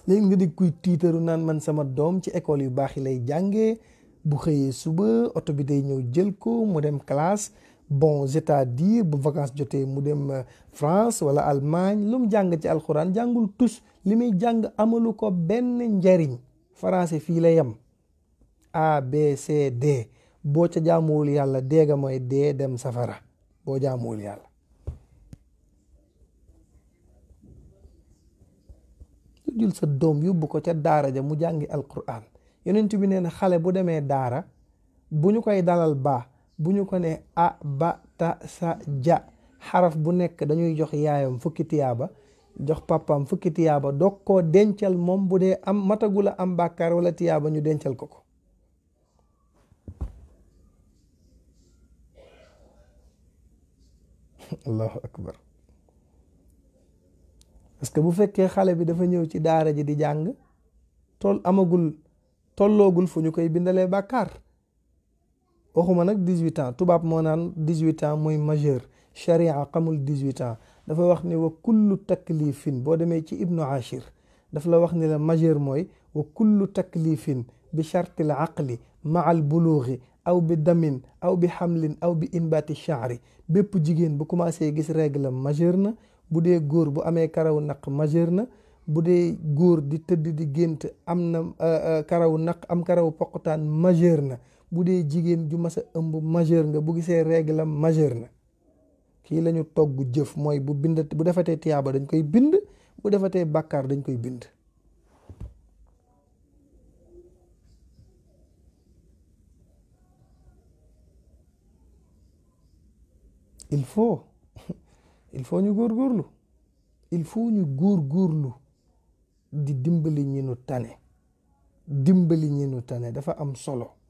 léegi nga di kuy tiitaru naan man sama doom ci école yu baax yi lay jàngee bu xëyee suba oto bi day ñëw jël ko mu dem classe bon cest à bu vacances jotee mu dem euh, France wala Allemagne lu mu jàng ci alxuraan jàngul tus li muy jàng amalu ko benn njariñ français fii la yem A boo ca jaamuwul yàlla déega mooy dee dem safara boo jaamuwul yàlla jul sa doom yóbbu ko ca daara ja mu jàngi alquran yonent bi nee na xale bu demee daara bu ñu koy dalal baa bu ñu ko ne a ba ta sa ja xaraf bu nekk dañuy jox yaayam fukki tiyaaba jox papaam fukki tiyaaba doog koo dencal moom bu dee am matagul a am bàkkaar wala tiyaaba ñu dencal ko ko allahu akbar parce que bu fekkee xale bi dafa ñëw ci daara ji di jàng toll amagul tolloogul fu ñu koy bindalee bàkkaar waxuma nag dix-huit ans tubaab moo naan dix-huit ans mooy majeur charia xamul dix-huit ans dafa wax ni wa kullu taklifin boo demee ci ibnu achir dafa la wax ni la majeur mooy wa kullu taklifin bi chartil aqli ma al buluuxi aw bi damin aw bi xamlin aw bi inbaati chaari bépp jigéen bu commencé gis règle majeur na bu dee góor bu amee karaw naq majeur na bu dee góor di tëdd di gént am na euh, euh, karaw naq am karaw poqotaan majeur na bu dee jigéen ju mas ëmb majeur nga bu gisee règle la majeur na kii lañu togg jëf mooy bu bind bu defatee tiyaaba dañ koy bind bu defatee bàkkaar dañ koy bind il faut il faut ñu góorgóorlu il faut ñu góorgóorlu di dimbali ñi nu tane dimbali ñi nu tane dafa am solo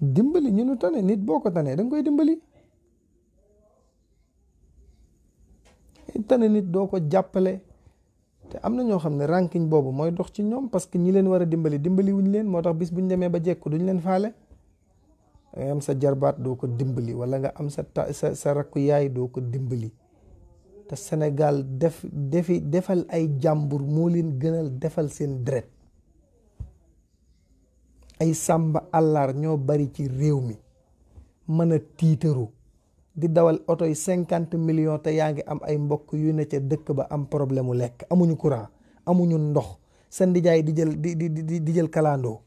dimbali ñu nu tane nit boo ko tanee da koy dimbali tane nit doo ko jàppale te am na ñoo xam ne ranking boobu mooy dox ci ñoom parce que ñi leen war a dimbali dimbali wuñ leen moo tax bis buñ demee ba jekku duñ leen faale nga am sa jarbaat doo ko dimbali wala nga am sa ta sa sa rakku yaay doo ko dimbali te senegal def defi defal ay jàmbur moo leen gënal defal seen deret ay sàmba àllar ñoo bari ci réew mi mën a tiitaru di dawal oto yi cinquante million te yaa ngi am ay mbokk yu ne ca dëkk ba am problème mu lekk amuñu courant amuñu ndox seen nijaay di jël di di di di jël kalaandoo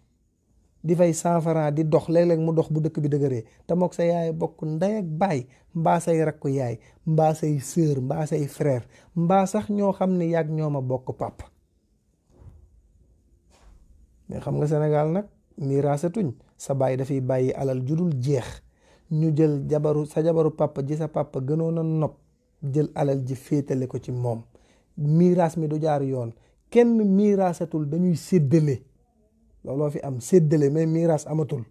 di fay cent francs di dox léeg-léeg mu dox bu dëkk bi dëgëree te mook sa yaay bokk ndey ak baay mbaa say rakku yaay mbaa say sœur mbaa say frère mbaa sax ñoo xam ne yàgg ñoo ma bokk pàpp mais xam nga Sénégal nag miraasatuñ sa baay dafay bàyyi alal dul jeex ñu jël jabaru sa jabaru papa ji sa papa gënoon a nopp jël alal ji féetale ko ci moom miraas mi du jaar yoon kenn miraasatul dañuy séddale looloo fi am séddale mais miraas amatul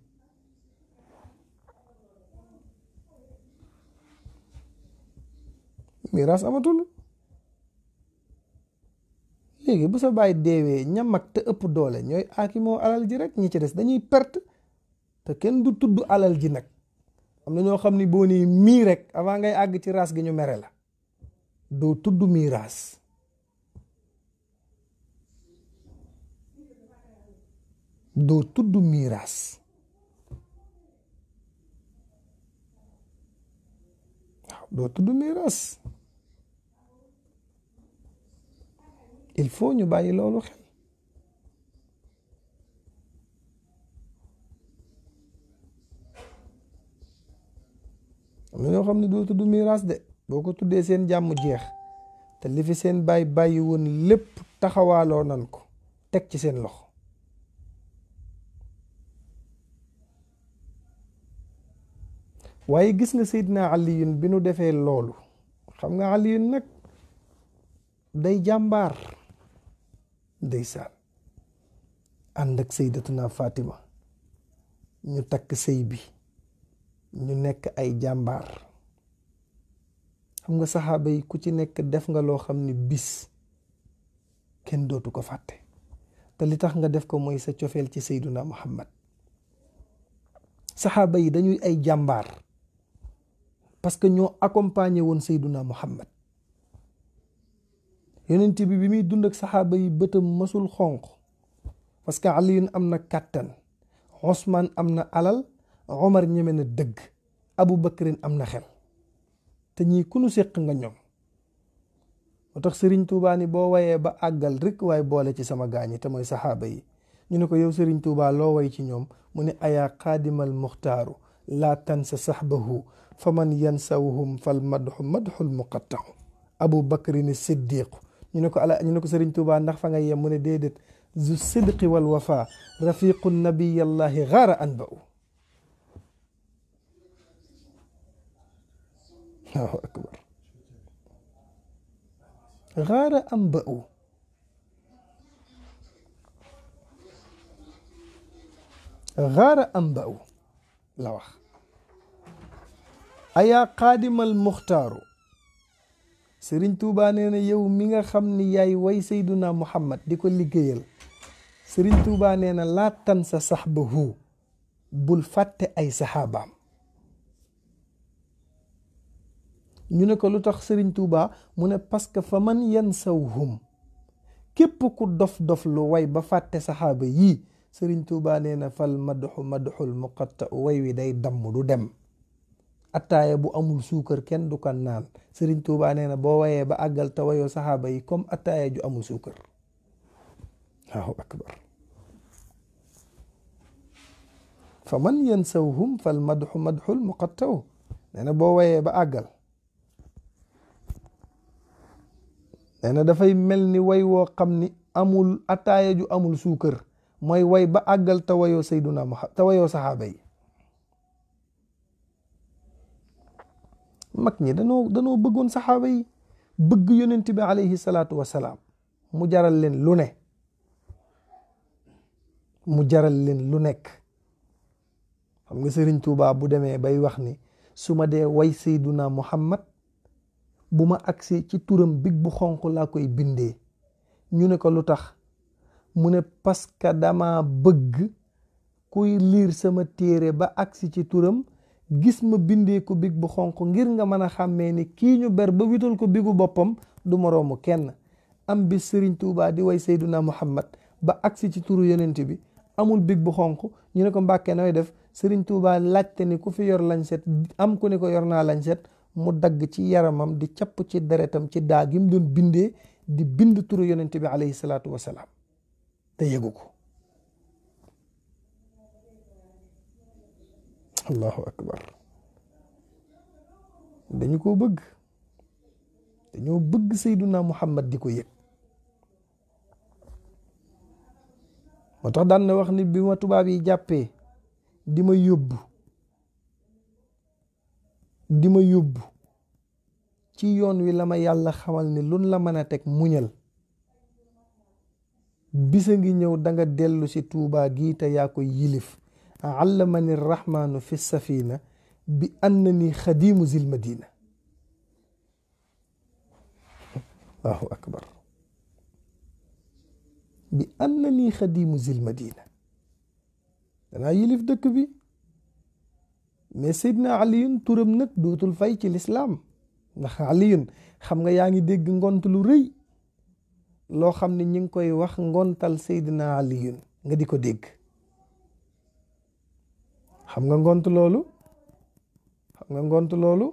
miraas amatul léegi bu sa baay deewee ña mag te ëpp doole ñooy aakimoo alal ji rek ñi ci des dañuy perte te kenn du tudd alal ji nag am na ñoo xam ni boo nii mii rek avant ngay àgg ci raas gi ñu mere la doo tudd mii raas tudd miiraas waaw doo tudd miiraas il faut ñu bàyyi loolu xel am ñoo xam ne doo tudd miraas de boo ko tuddee seen jàmm jeex te li fi seen bàyyi bàyyi woon lépp taxawaaloo nan ko teg ci seen loxo waaye gis nga Seydina Aliyun bi nu defee loolu xam nga Aliyun nag day jàmbaar ndeysaan ànd ak saydatuna Fatima ñu takk sëy bi ñu nekk ay jàmbaar xam nga saxaaba yi ku ci nekk def nga loo xam ne bis kenn dootu ko fàtte te li tax nga def ko mooy sa cofeel ci sayduna muhammad saxaaba yi dañuy ay jàmbaar parce que ñoo accompagner woon sayduna muhammad yonent bi bi muy dund ak saxaaba yi bëtam masul xonq parce que Aliyun am na kàttan Ousmane am na alal Omar ñeme na dëgg Abu Bakrin am na xel te ñii ku nu séq nga ñoom moo tax Sëriñ Tuubaa ni boo wayee ba àggal rekk waaye boole ci sama gaañ yi te mooy saxaaba yi ñu ne ko yow Sëriñ Tuubaa loo way ci ñoom mu ne ayaa xaadimal muxtaaru laa tansa saxbahu fa man yansawhum fal madxu madxul muqattaxu Abu Bakrin siddiqu ñu ne ko ala ñu ne ko sëriñ ndax fa nga yem mu ne déedéet zu sidqi wal wafa rafiqu nabiyallahi gaara an ba u ayaa qaadimal muxtaaru sëriñ Touba nee na yow mi nga xam ni yaay way sayduna muhammad di ko liggéeyal sëriñ Touba nee na laa tan sa saxbahu bul fàtte ay saxaabaam ñu ne ko lu tax sëriñ Touba mu ne parce que fa man yan sawhum képp ku dof dof lu way ba fàtte saxaaba yii sëriñ Touba nee na fal madxu madxul muqatta way wi day damm du dem attaaya bu amul suukar kenn du kan naan Serigne Touba nee na boo wayee ba àggal te wayoo saxaaba yi comme ju amul suukar waaw akbar fa man yansawhum fal madxu madxul muqattaw nee na boo wayee ba àggal nee na dafay mel ni way woo xam ni amul attaaya ju amul suukar mooy way ba àggal te wayoo sayduna Muhammad mag ñi danoo danoo bëggoon saxaaba yi bëgg yonent bi alayhi salaatu wasalaam mu jaral leen lu ne mu jaral leen lu nekk xam nga Sëriñ Tuubaa bu demee bay wax ni su ma dee way sayduna muhammad bu ma agsi ci turam big bu xonq laa koy bindee ñu ne ko lu tax mu ne parce dama bëgg kuy liir sama téere ba agsi ci turam gis ma bindee ko big bu xonq ngir nga mën a xàmmee ni kii ñu ber ba wital ko bigu boppam du moroomu kenn am bi sëriñ Tuubaa di way Seyduna Muhammad ba agsi ci turu yenent bi amul big bu xonq ñu ne ko mbàkkee nooy def sëriñ Tuubaa laajte ni ku fi yor lañset am ku ne ko yor naa lañset mu dagg ci yaramam di capp ci deretam ci daa gi mu doon bindee di bind turu yonent bi alayhi salaatu wasalaam te yëgu ko allahu akbar dañu koo bëgg dañoo bëgg sayduna muhammad di ko yëg moo tax daan na wax ni bi ma tubaab yi jàppee di ma yóbbu di ma yóbbu ci yoon wi la ma yàlla xamal ni lun la mën a teg muñal bisa ngi ñëw danga nga dellu si tuubaa gii te yaa ko yilif allamani rahmaanu fi safina bi annani xadimu zil madina allahu akbar bi annani xadimu zil madina danaa yilif dëkk bi mais Seydina Aliyun turam nag dootul fay ci lislaam ndax Aliyun xam nga yaa ngi dégg ngont lu rëy loo xam ne ñi ngi koy wax ngontal Seydina Aliyun nga di ko dégg xam nga ngont loolu xam nga ngont loolu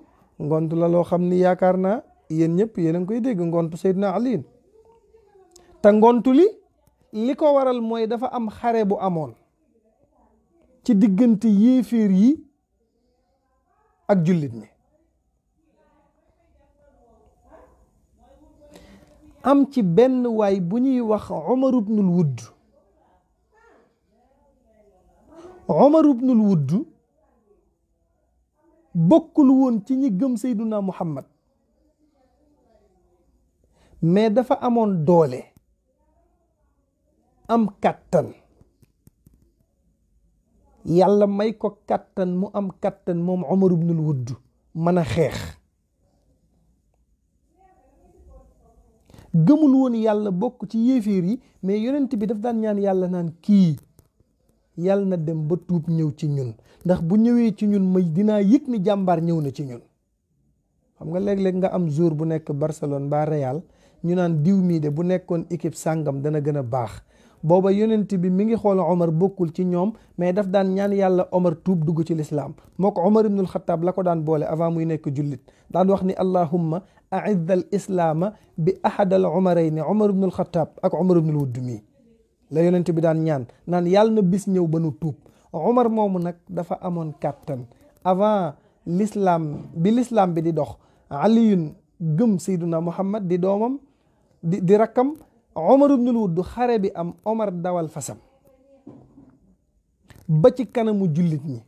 ngont la loo xam ni yaakaar naa yéen ñëpp yéen a koy dégg ngontu Seydina Aliin te ngont li li ko waral mooy dafa am xare bu amoon ci diggante yéeféer yi ak jullit ñi am ci benn waay bu ñuy wax Umar ibnul Wudd Omar ibnul Wudd bokkul woon ci ñi gëm Seyduna Muhammad mais dafa amoon doole am kàttan yàlla may ko kàttan mu am kàttan moom Omar Wudd mën a xeex gëmul woon yàlla bokk ci yéeféer yi mais yonent bi daf daan ñaan yàlla naan kii yal na dem ba tuub ñëw ci ñun ndax bu ñëwee ci ñun ma dinaa yëg ni jàmbaar ñëw na ci ñun xam nga léeg-léeg nga am jour bu nekk Barcelone ba Real ñu naan diw mii de bu nekkoon équipe sàngam dana gën a baax booba yonent bi mu ngi xool Omar bokkul ci ñoom mais daf daan ñaan yàlla Omar tuub dugg ci lislaam moo ko Omar ibnul Xataab la ko daan boole avant muy nekk jullit daan wax ni allahumma aiz al islaama bi ahadal omarayni Omar ibnul Xataab ak Omar ibnul Wudd la yonent bi daan ñaan naan yàlla na bis ñëw ba nu tuub Omar moomu nag dafa amoon kàttan avant l'islam bi l'islam bi di dox aliyun gëm sayduna muhammad di doomam di rakkam Omar ibnul Wudd xare bi am Omar dawal fasam ba ci kanamu jullit ñi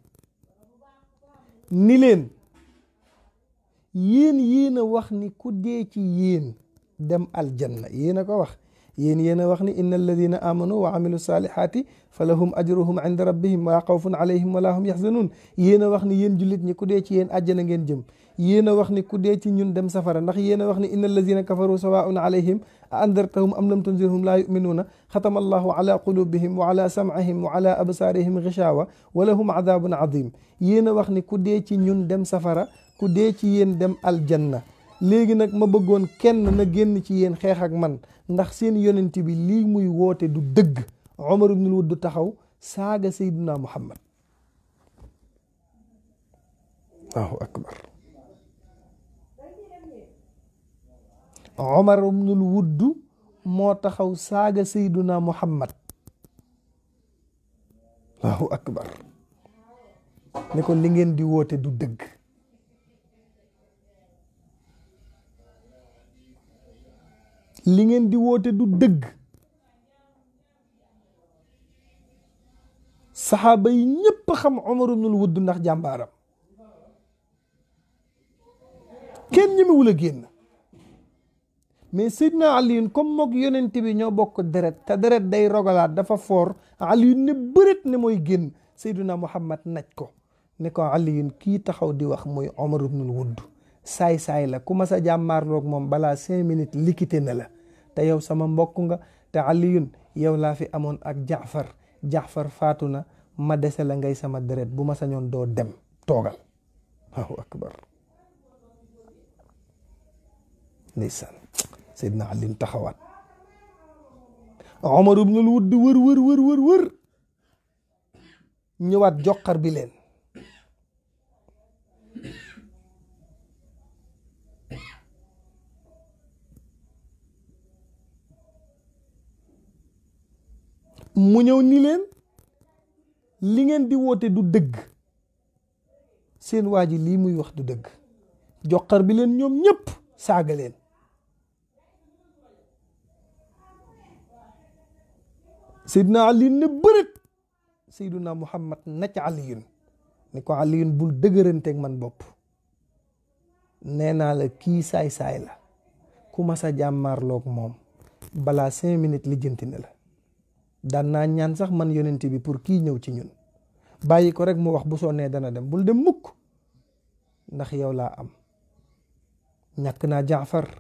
ni leen yéen yéen wax ni ku dee ci yéen dem aljanna yéen a ko wax yéen yéen a wax ni inna alladina amanu wa amilu salihati fa lahum ajruhum inda rabbihim wala xawfun alayhim wala hum yaxzanuun yéen a wax ni yéen jullit ñi ku dee ci yéen àjjana ngeen jëm yéen a wax ni ku dee ci ñun dem safara ndax yéen a wax ni inna alladina kafaru sawaun alayhim a andartahum am lam tunzirhum laa yuminuuna xatama allahu ala qulubihim wa ala samcihim wa ala absaarihim gishawa wa lahum adaabun adim yéen a wax ni ku dee ci ñun dem safara ku dee ci yéen dem aljanna léegi nag ma bëggoon kenn na génn ci yéen xeex ak man ndax seen yonent bi lii muy woote du dëgg Omar ibnul Wadd taxaw saaga Seydina Muhammad allahu akbar Omar moo taxaw saaga Seydina Muhammad allahu akbar ne ko li ngeen di woote du dëgg li ngeen di woote du dëgg saxaaba yi ñépp xam Omar ibnul Wudd ndax jàmbaaram kenn ñemewul a génn mais Seydina Aliyun comme mook yonent bi ñoo bokk deret te deret day rogalaat dafa foor Aliyun ne bëret ne mooy génn Seydina Muhammad naj ko ne ko Aliyun kii taxaw di wax mooy Omar ibnul Wudd saay-saay la ku mas a jàmmaarloog moom balaa cinq minutes liquité na la te yow sama mbokk nga te aliyun yow laa fi amoon ak jaafar jaafar faatu na ma dese la ngay sama deret bu ma sañoon doo dem toogal waaw akbar ndeysaan seydna aliyun taxawaat omar ibnul wudd wër wër wër wër wër ñëwaat joxar bi leen mu ñëw ni leen li ngeen di woote du dëgg seen waa ji lii muy wax du dëgg joxar bi leen ñoom ñëpp saaga leen Seydina Aliyun ne bërët Seydina Muhammad na ca Aliyun ni ko Aliyun bul dëgëranteeg man bopp nee naa la kii saay-saay la ku mas a jàmmaarloog moom balaa cinq minutes lijjanti na la daan naa ñaan sax man yonent bi pour kii ñëw ci ñun bàyyi ko rek mu wax bu sonnee dana dem bul dem mukk ndax yow laa am ñàkk naa jaafar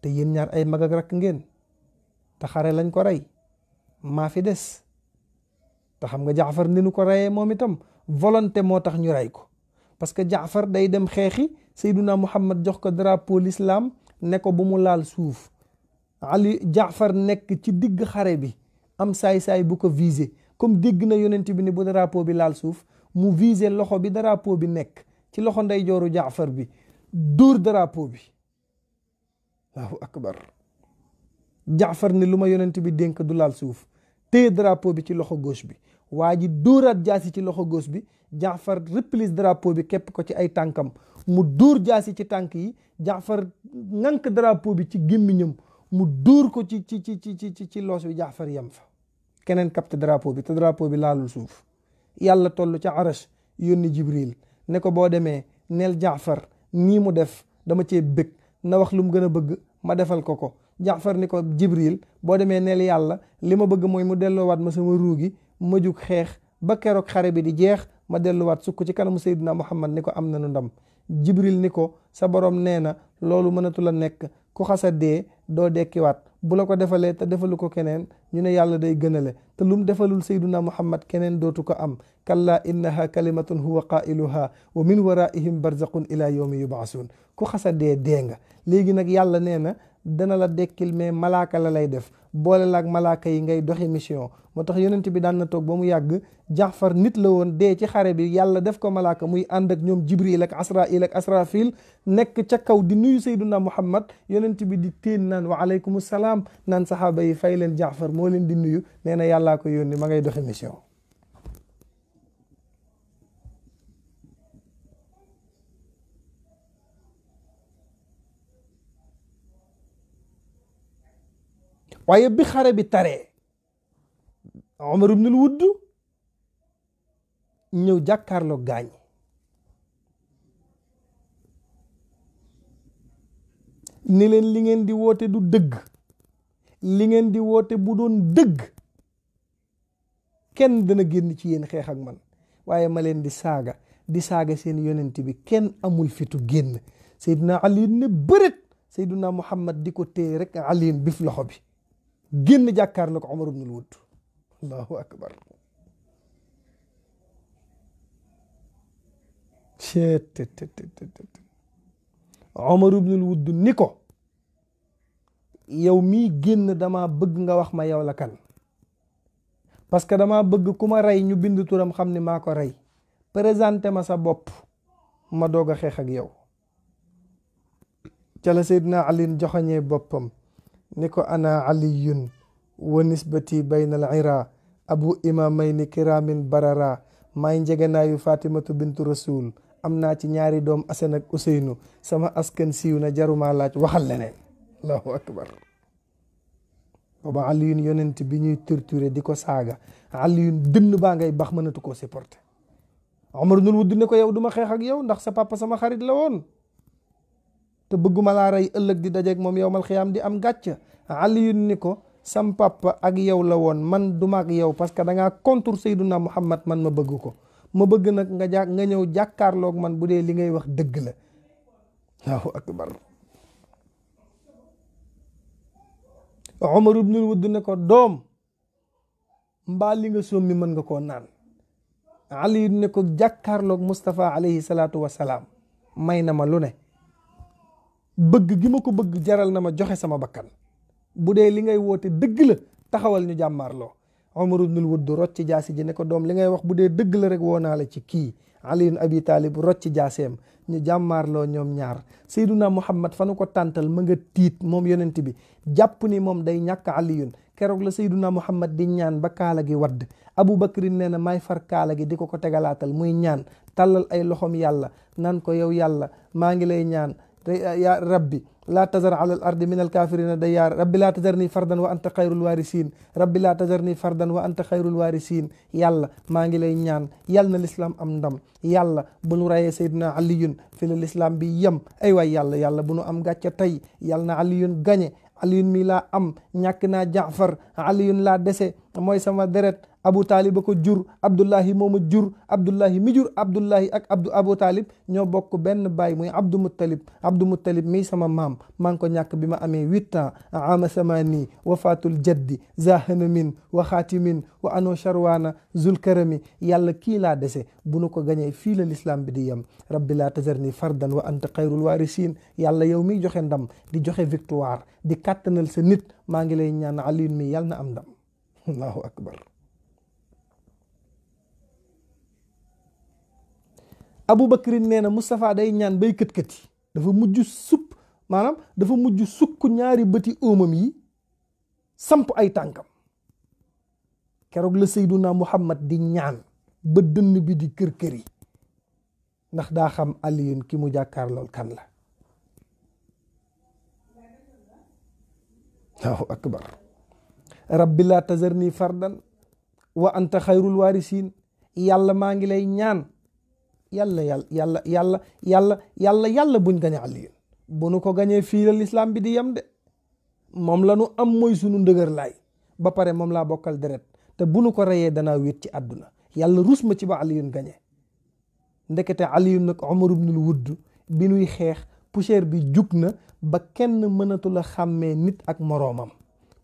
te yéen ñaar ay mag ak rakk ngeen te xare lañ ko rey maa fi des te xam nga jaafar ni ko reyee moom itam volonté moo tax ñu rey ko parce que jaafar day dem xeexi sayduna muhammad jox ko drapeau l'islam ne ko bu mu laal suuf ali jaafar nekk ci digg xare bi am saay-saay bu ko visé comme dégg na yonent bi ni bu drapeau bi laal suuf mu visé loxo bi drapeau bi nekk ci loxo ndeyjooru jaafar bi dóor drapeau bi allahu akbar jaafar ni lu ma yonent bi dénk du laal suuf téye drapeau bi ci loxo gos bi waa ji dóoraat jaasi ci loxo gos bi jaafar replis drapeau bi képp ko ci ay tànkam mu dóor jaasi ci tànk yi jaafar ŋànk drapeau bi ci gémmiñam mu duur ko ci ci ci ci ci ci loos bi jaafar yam fa keneen capte drapeau bi te drapeau bi laalul suuf yàlla toll ca arash yónni jibril ne ko boo demee neel jaafar nii mu def dama cee bëgg na wax lu mu gën a bëgg ma defal ko ko jaafar ni ko jibril boo demee neel yàlla li ma bëgg mooy mu delloowaat ma sama ruugi ma jug xeex ba keroog xare bi di jeex ma delluwaat su ko ci kanamu sayyidina muhammad ni ko am na nu ndam jibril ni ko sa borom nee na loolu mënatul a nekk ku xasa dee doo dekkiwaat bu la ko defalee te defalu ko keneen ñu ne yàlla day gënale te lum defalul sayduna muhammad keneen dootu ko am kalla innaha kalimatun huwa qailuha wa min waraihim barzaqun ila yawmi yubaasun ku xasa dee dee nga léegi nag yàlla nee na dana la dekkil mais malaaka la lay def boole laak malaaka yi ngay doxi mission moo tax yonent bi daan na toog ba mu yàgg jaxfar nit la woon dee ci xare bi yàlla def ko malaaka muy ànd ak ñoom jibril ak asrail ak asrafil nekk ca kaw di nuyu sayduna muhammad yonent bi di téen naan wa aleykum salaam naan saxaaba yi fay leen jaxfar moo leen di nuyu nee yàllaa ko yónni ma ngay doxe mission waaye bi xare bi tare Omar ibnul Wudd ñëw jàkkaarloo gaañ ni leen li di woote du dëgg li di woote bu doon dëgg kenn dana génn ci yéen xeexak ak man waaye ma leen di saaga di saaga seen yonent bi kenn amul fitu génn Seydina Aliin ne bërët Seydina Muhammad di ko téye rek Aliin bif loxo bi génn jàkkaarloo ko Omar ibnul allahu akbar ceet te te te te Omar ibnul Wudd ni ko yow mii génn dama bëgg nga wax ma yow la kan parce que dama bëgg ku ma rey ñu bind turam xam ni maa ko rey présente ma sa bopp ma doog a xeex ak yow cala la Seydina Ali joxoñee boppam ni ko ana aliyun wa nisbati bayna al ira abu imamayni kiraamin barara maay njeganaayu fatimatu bintu rasul am naa ci ñaari doom asan ak useynu sama askan siiw na jaruma laaj waxal leneen allahu akbar booba aliyun yonent bi ñuy torturé di ko saaga aliyun dënn baa ngay bax mënatu koo supporté omar nul wudd ne ko yow duma xeex ak yow ndax sa papa sama xarit la woon te bëgguma laa rey ëllëg di dajeeg moom yow mal xiyaam di am gàcc aliyun ni ko sam ak yow la woon man duma ak yow parce que da ngaa contre Seyduna Muhammad man ma bëgg ko ma bëgg nag nga jàkk nga ñëw jàkkaarloog man bu dee li ngay wax dëgg la Allahu akbar Umar ibnul Wudd ne ko doom mbaa li nga sommi mën nga koo naan Ali ne ko jàkkaarloog Moustapha alayhi salaatu salaam may na ma lu ne bëgg gi ma ko bëgg jaral na ma joxe sama bakkan bu dee li ngay woote dëgg la taxawal ñu jàmmaarloo Omar ibnul Wudd rocc jaasi ji ne ko doom li ngay wax bu dee dëgg la rek woo naa la ci kii Ali ibn Abi Talib rocc jaaseem ñu jàmmaarloo ñoom ñaar Seyduna Muhammad fa nu ko tàntal ma nga tiit moom yonent bi jàpp ni moom day ñàkk Aliyun keroog la Seyduna Muhammad di ñaan ba kaala gi wadd Abu Bakrin nee na may far kaala gi di ko ko tegalaatal muy ñaan tàllal ay loxoom yàlla naan ko yow yàlla maa ngi lay ñaan ya rabbi la tazar ala al ardi min al kaafirina dayyaar rabbi laa tazar nii fardan wa anta xayrul waarisiin rabbi laa tazar nii fardan wa anta xayrul waarisiin yàlla maa ngi lay ñaan yàlla na lislaam am ndam yàlla bu nu rayee Seydina Aliyun fi la lislaam bi yem ay waay yàlla yàlla bu nu am gàcce tey yàlla na Aliyun gañe Aliyun milaa am ñàkk naa Jaafar Aliyun laa dese mooy sama deret abu taalib a ko jur abdullahi mooma jur abdullahi mi jur abdullahi ak abdu abu taalib ñoo bokk benn baay muy abdu muttalib abdu muttalib mii sama maam maa ngi ko ñàkk bi ma amee huit ans ama samani wafatul jaddi zahanamin wa xaatimin wa ano charwaana zulkarami yàlla kii laa dese bu nu ko gañee fii la lislaam bi di yem rabbi laa tazarni fardan wa anta xayrul waarisiin yàlla yow miy joxe ndam di joxe victoire di kattanal sa nit maa ngi lay ñaan aliyun mi yal na am ndam Aboubacry nee na Moustapha day ñaan bay kët-kët dafa mujj supp maanaam dafa mujj sukk ñaari bëti óomam yi samp ay tànkam keroog la Seyduna Muhammad di ñaan ba dënn bi di kër kër ndax daa xam Aliyun ki mu jàkkaar lool kan la rabbi laa tazarni fardan wa anta xayrul waarisiin yàlla maa ngi lay ñaan yàlla yàlla yàlla yàlla yàlla yàlla buñ gañe Aliyu bu nu ko gañee fii la lislaam bi di yem de moom la nu am mooy sunu ndëgër laay ba pare moom laa bokkal deret te bu nu ko reyee danaa wit ci àdduna yàlla rus ci ba Aliyun gañe ndekete Aliyun nag Umar ibnul Wudd bi nuy xeex poussière bi jug na ba kenn mënatul a xàmmee nit ak moroomam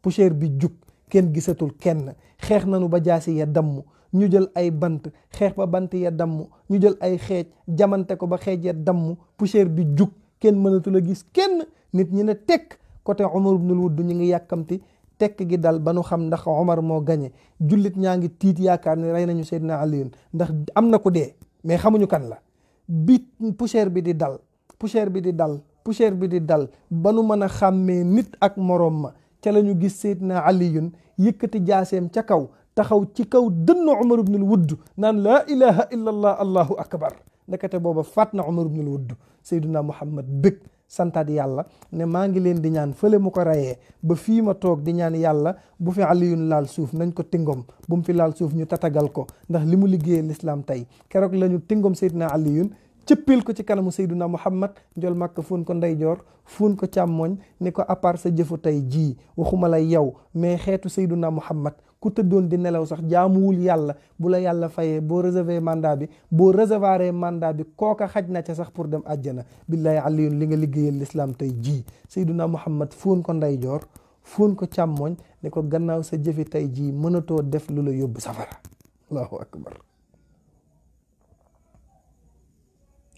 poussière bi jug kenn gisatul kenn xeex nanu ba jaasi ya damm ñu jël ay bant xeex ba bant ya damm ñu jël ay xeej jamante ko ba xeej ya damm poussière bi jug kenn mënatul a gis kenn nit ñi ne tekk côté Omar ibnul Wudd ñu ngi yàkkamti tekk gi dal ba nu xam ndax Omar moo gañe jullit ñaa ngi tiit yaakaar ne rey nañu Seydina Aliyun ndax am na ku dee mais xamuñu kan la bi poussière bi di dal poussière bi di dal poussière bi di dal ba nu mën a xàmmee nit ak moroom ma ca la ñu gis na Aliyun yëkkati jaaseem ca kaw taxaw ci kaw dënn Umar ibnul Wudd naan laa ilaha illa allah allahu akbar ndekete booba faat na Umar ibnul Wudd Seydina Muhammad bëgg santaat yàlla ne maa ngi leen di ñaan fële mu ko rayee ba fii ma toog di ñaan yàlla bu fi aliyun laal suuf nañ ko tingom bu mu fi laal suuf ñu tatagal ko ndax li mu liggéeyee lislaam tey keroog la ñu tingom Seydina aliyun cëppil ko ci kanamu Seydina Muhammad njool màkk fuun ko ndeyjoor fuun ko càmmooñ ni ko à part sa tey jii waxuma la yow mais xeetu Seydina Muhammad ku tëddoon di nelaw sax jaamuwul yàlla bu la yàlla fayee boo réservé mandat bi boo réservaree mandat bi kooka xaj na ca sax pour dem àjjana billahi aliyun li nga liggéeyal lislaam tey jii sayduna muhammad foon ko ndeyjoor foon ko càmmooñ ne ko gannaaw sa jëfi tey jii mënatoo def lu la yóbbu safara allahu akbar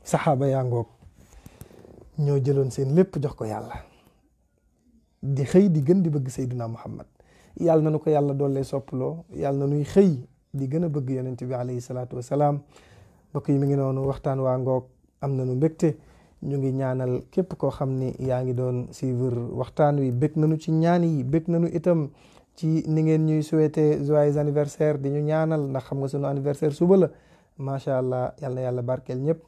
saxaaba yaa ngoog ñoo jëloon seen lépp jox ko yàlla di xëy di gën di bëgg sayduna muhammad yàlla na nu ko yàlla doollee soppaloo yàlla na nuy xëy di gën a bëgg yonent bi alayhi salaatu salaam mbokk yi mi ngi noonu waxtaan waa ngoog am na nu mbégte ñu ngi ñaanal képp koo xam ni yaa ngi doon suivre waxtaan wi bég nañu ci ñaan yi bég nañu itam ci ni ngeen ñuy souhaiter joyeux anniversaire di ñu ñaanal ndax xam nga sunu anniversaire suba la macha allah yal na yàlla barkeel ñëpp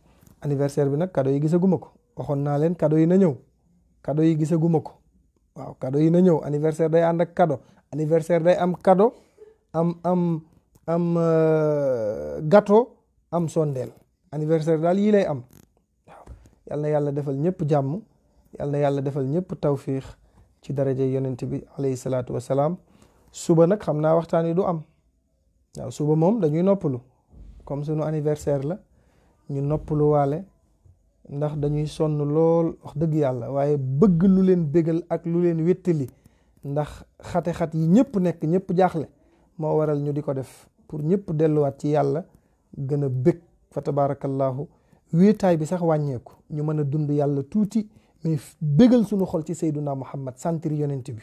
anniversaire bi nag kado yi gisaguma ko waxoon naa leen kado yi na ñëw kado yi gisaguma ko waaw kado yi na ñëw anniversaire day ànd ak kado anniversaire day am cadeau am am am euh, gato am sondeel anniversaire daal yii lay am waaw yàlla defal ñëpp jàmm yal yàlla defal ñëpp tawfiix ci daraja yonent bi alayhi salaatu wasalaam suba nag xam naa waxtaan yi du am waaw suba moom dañuy noppalu comme sunu anniversaire la ñu noppalu waale ndax dañuy sonn lool wax dëgg yàlla waaye bëgg lu leen bëggal ak lu leen wéttali ndax xate-xat yi ñëpp nekk ñëpp jaaxle moo waral ñu di ko def pour ñëpp delluwaat ci yàlla gën a bëgg fa tabaarakallaahu wéetaay bi sax wàññeeku ñu mën a dund yàlla tuuti mais bëggal suñu xol ci sayduna muhammad santir yonent bi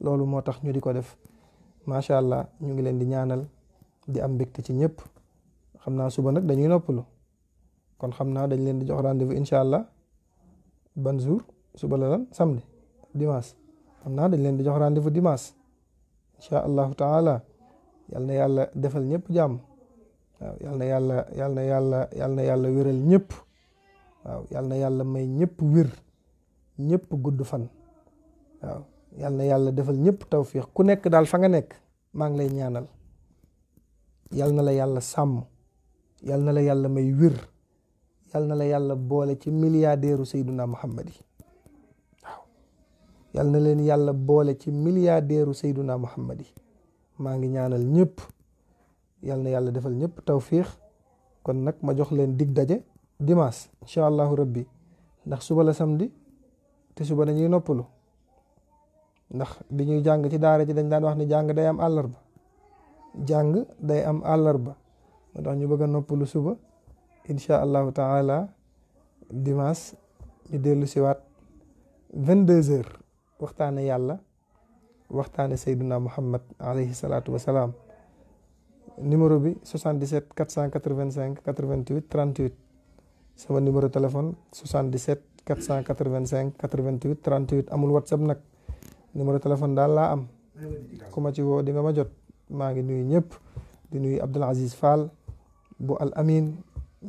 loolu moo tax ñu di ko def macha allah ñu ngi leen di ñaanal di am mbégte ci ñëpp xam naa suba nag dañuy noppalu kon xam naa dañ leen di jox rendez-vous incha allah ban jour suba la lan samedi dimanche xam naa dañ leen di jox rendez-vous dimanche incha allahu taala yal na yàlla defal ñëpp jàmm waaw yal na yàlla na yàlla yal na yàlla wéral ñëpp waaw na yàlla may ñëpp wér gudd fan waaw na yàlla defal ñëpp tawfiix ku nekk daal fa nga nekk maa ngi lay ñaanal yal na la yàlla sàmm yal na la yàlla may wér yal na la yàlla boole ci milliardaire u Seydina Muhammad yi yal na leen yàlla boole ci milliardaire u Seyduna Muhammad yi maa ngi ñaanal ñëpp yal na yàlla defal ñëpp tawfiix kon nag ma jox leen dig daje dimanche incha allahu rabbi ndax suba la samedi te suba dañuy noppalu ndax bi jàng ci daara ji dañ daan wax ne jàng day am àllarba jàng day am àllarba moo tax ñu bëgg a noppalu suba incha allahu taala dimanche ñu dellu siwaat vingt-deux heures waxtaane yàlla waxtaane sayduna muhammad alayhi salaatu wa salaam numéro bi 77 485 sama numéro téléphone 77 485 88 38 amul whatsapp nag numéro téléphone daal laa am ku ma ci woo di nga ma jot maa ngi nuyu ñëpp di nuyu Abdoul Aziz Fall bu Al Amin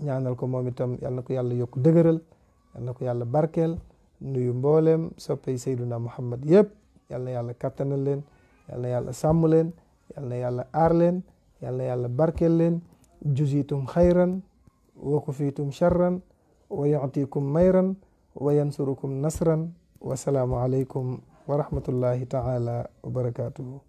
ñaanal ko moom itam yàlla na ko yàlla yokk dëgëral na ko yàlla barkeel nuyu mbooleem soppey Seyduna Muhammad yëpp yal na yàlla kattanal leen yal na yàlla sàmm leen yal na yàlla aar leen yal na yàlla barkeel leen juzitum xayran wa kufitum charran wa yuctikum mayran wa yansurukum nasran wasalaamu aleykum wa rahmatullahi taala wa barakatuhu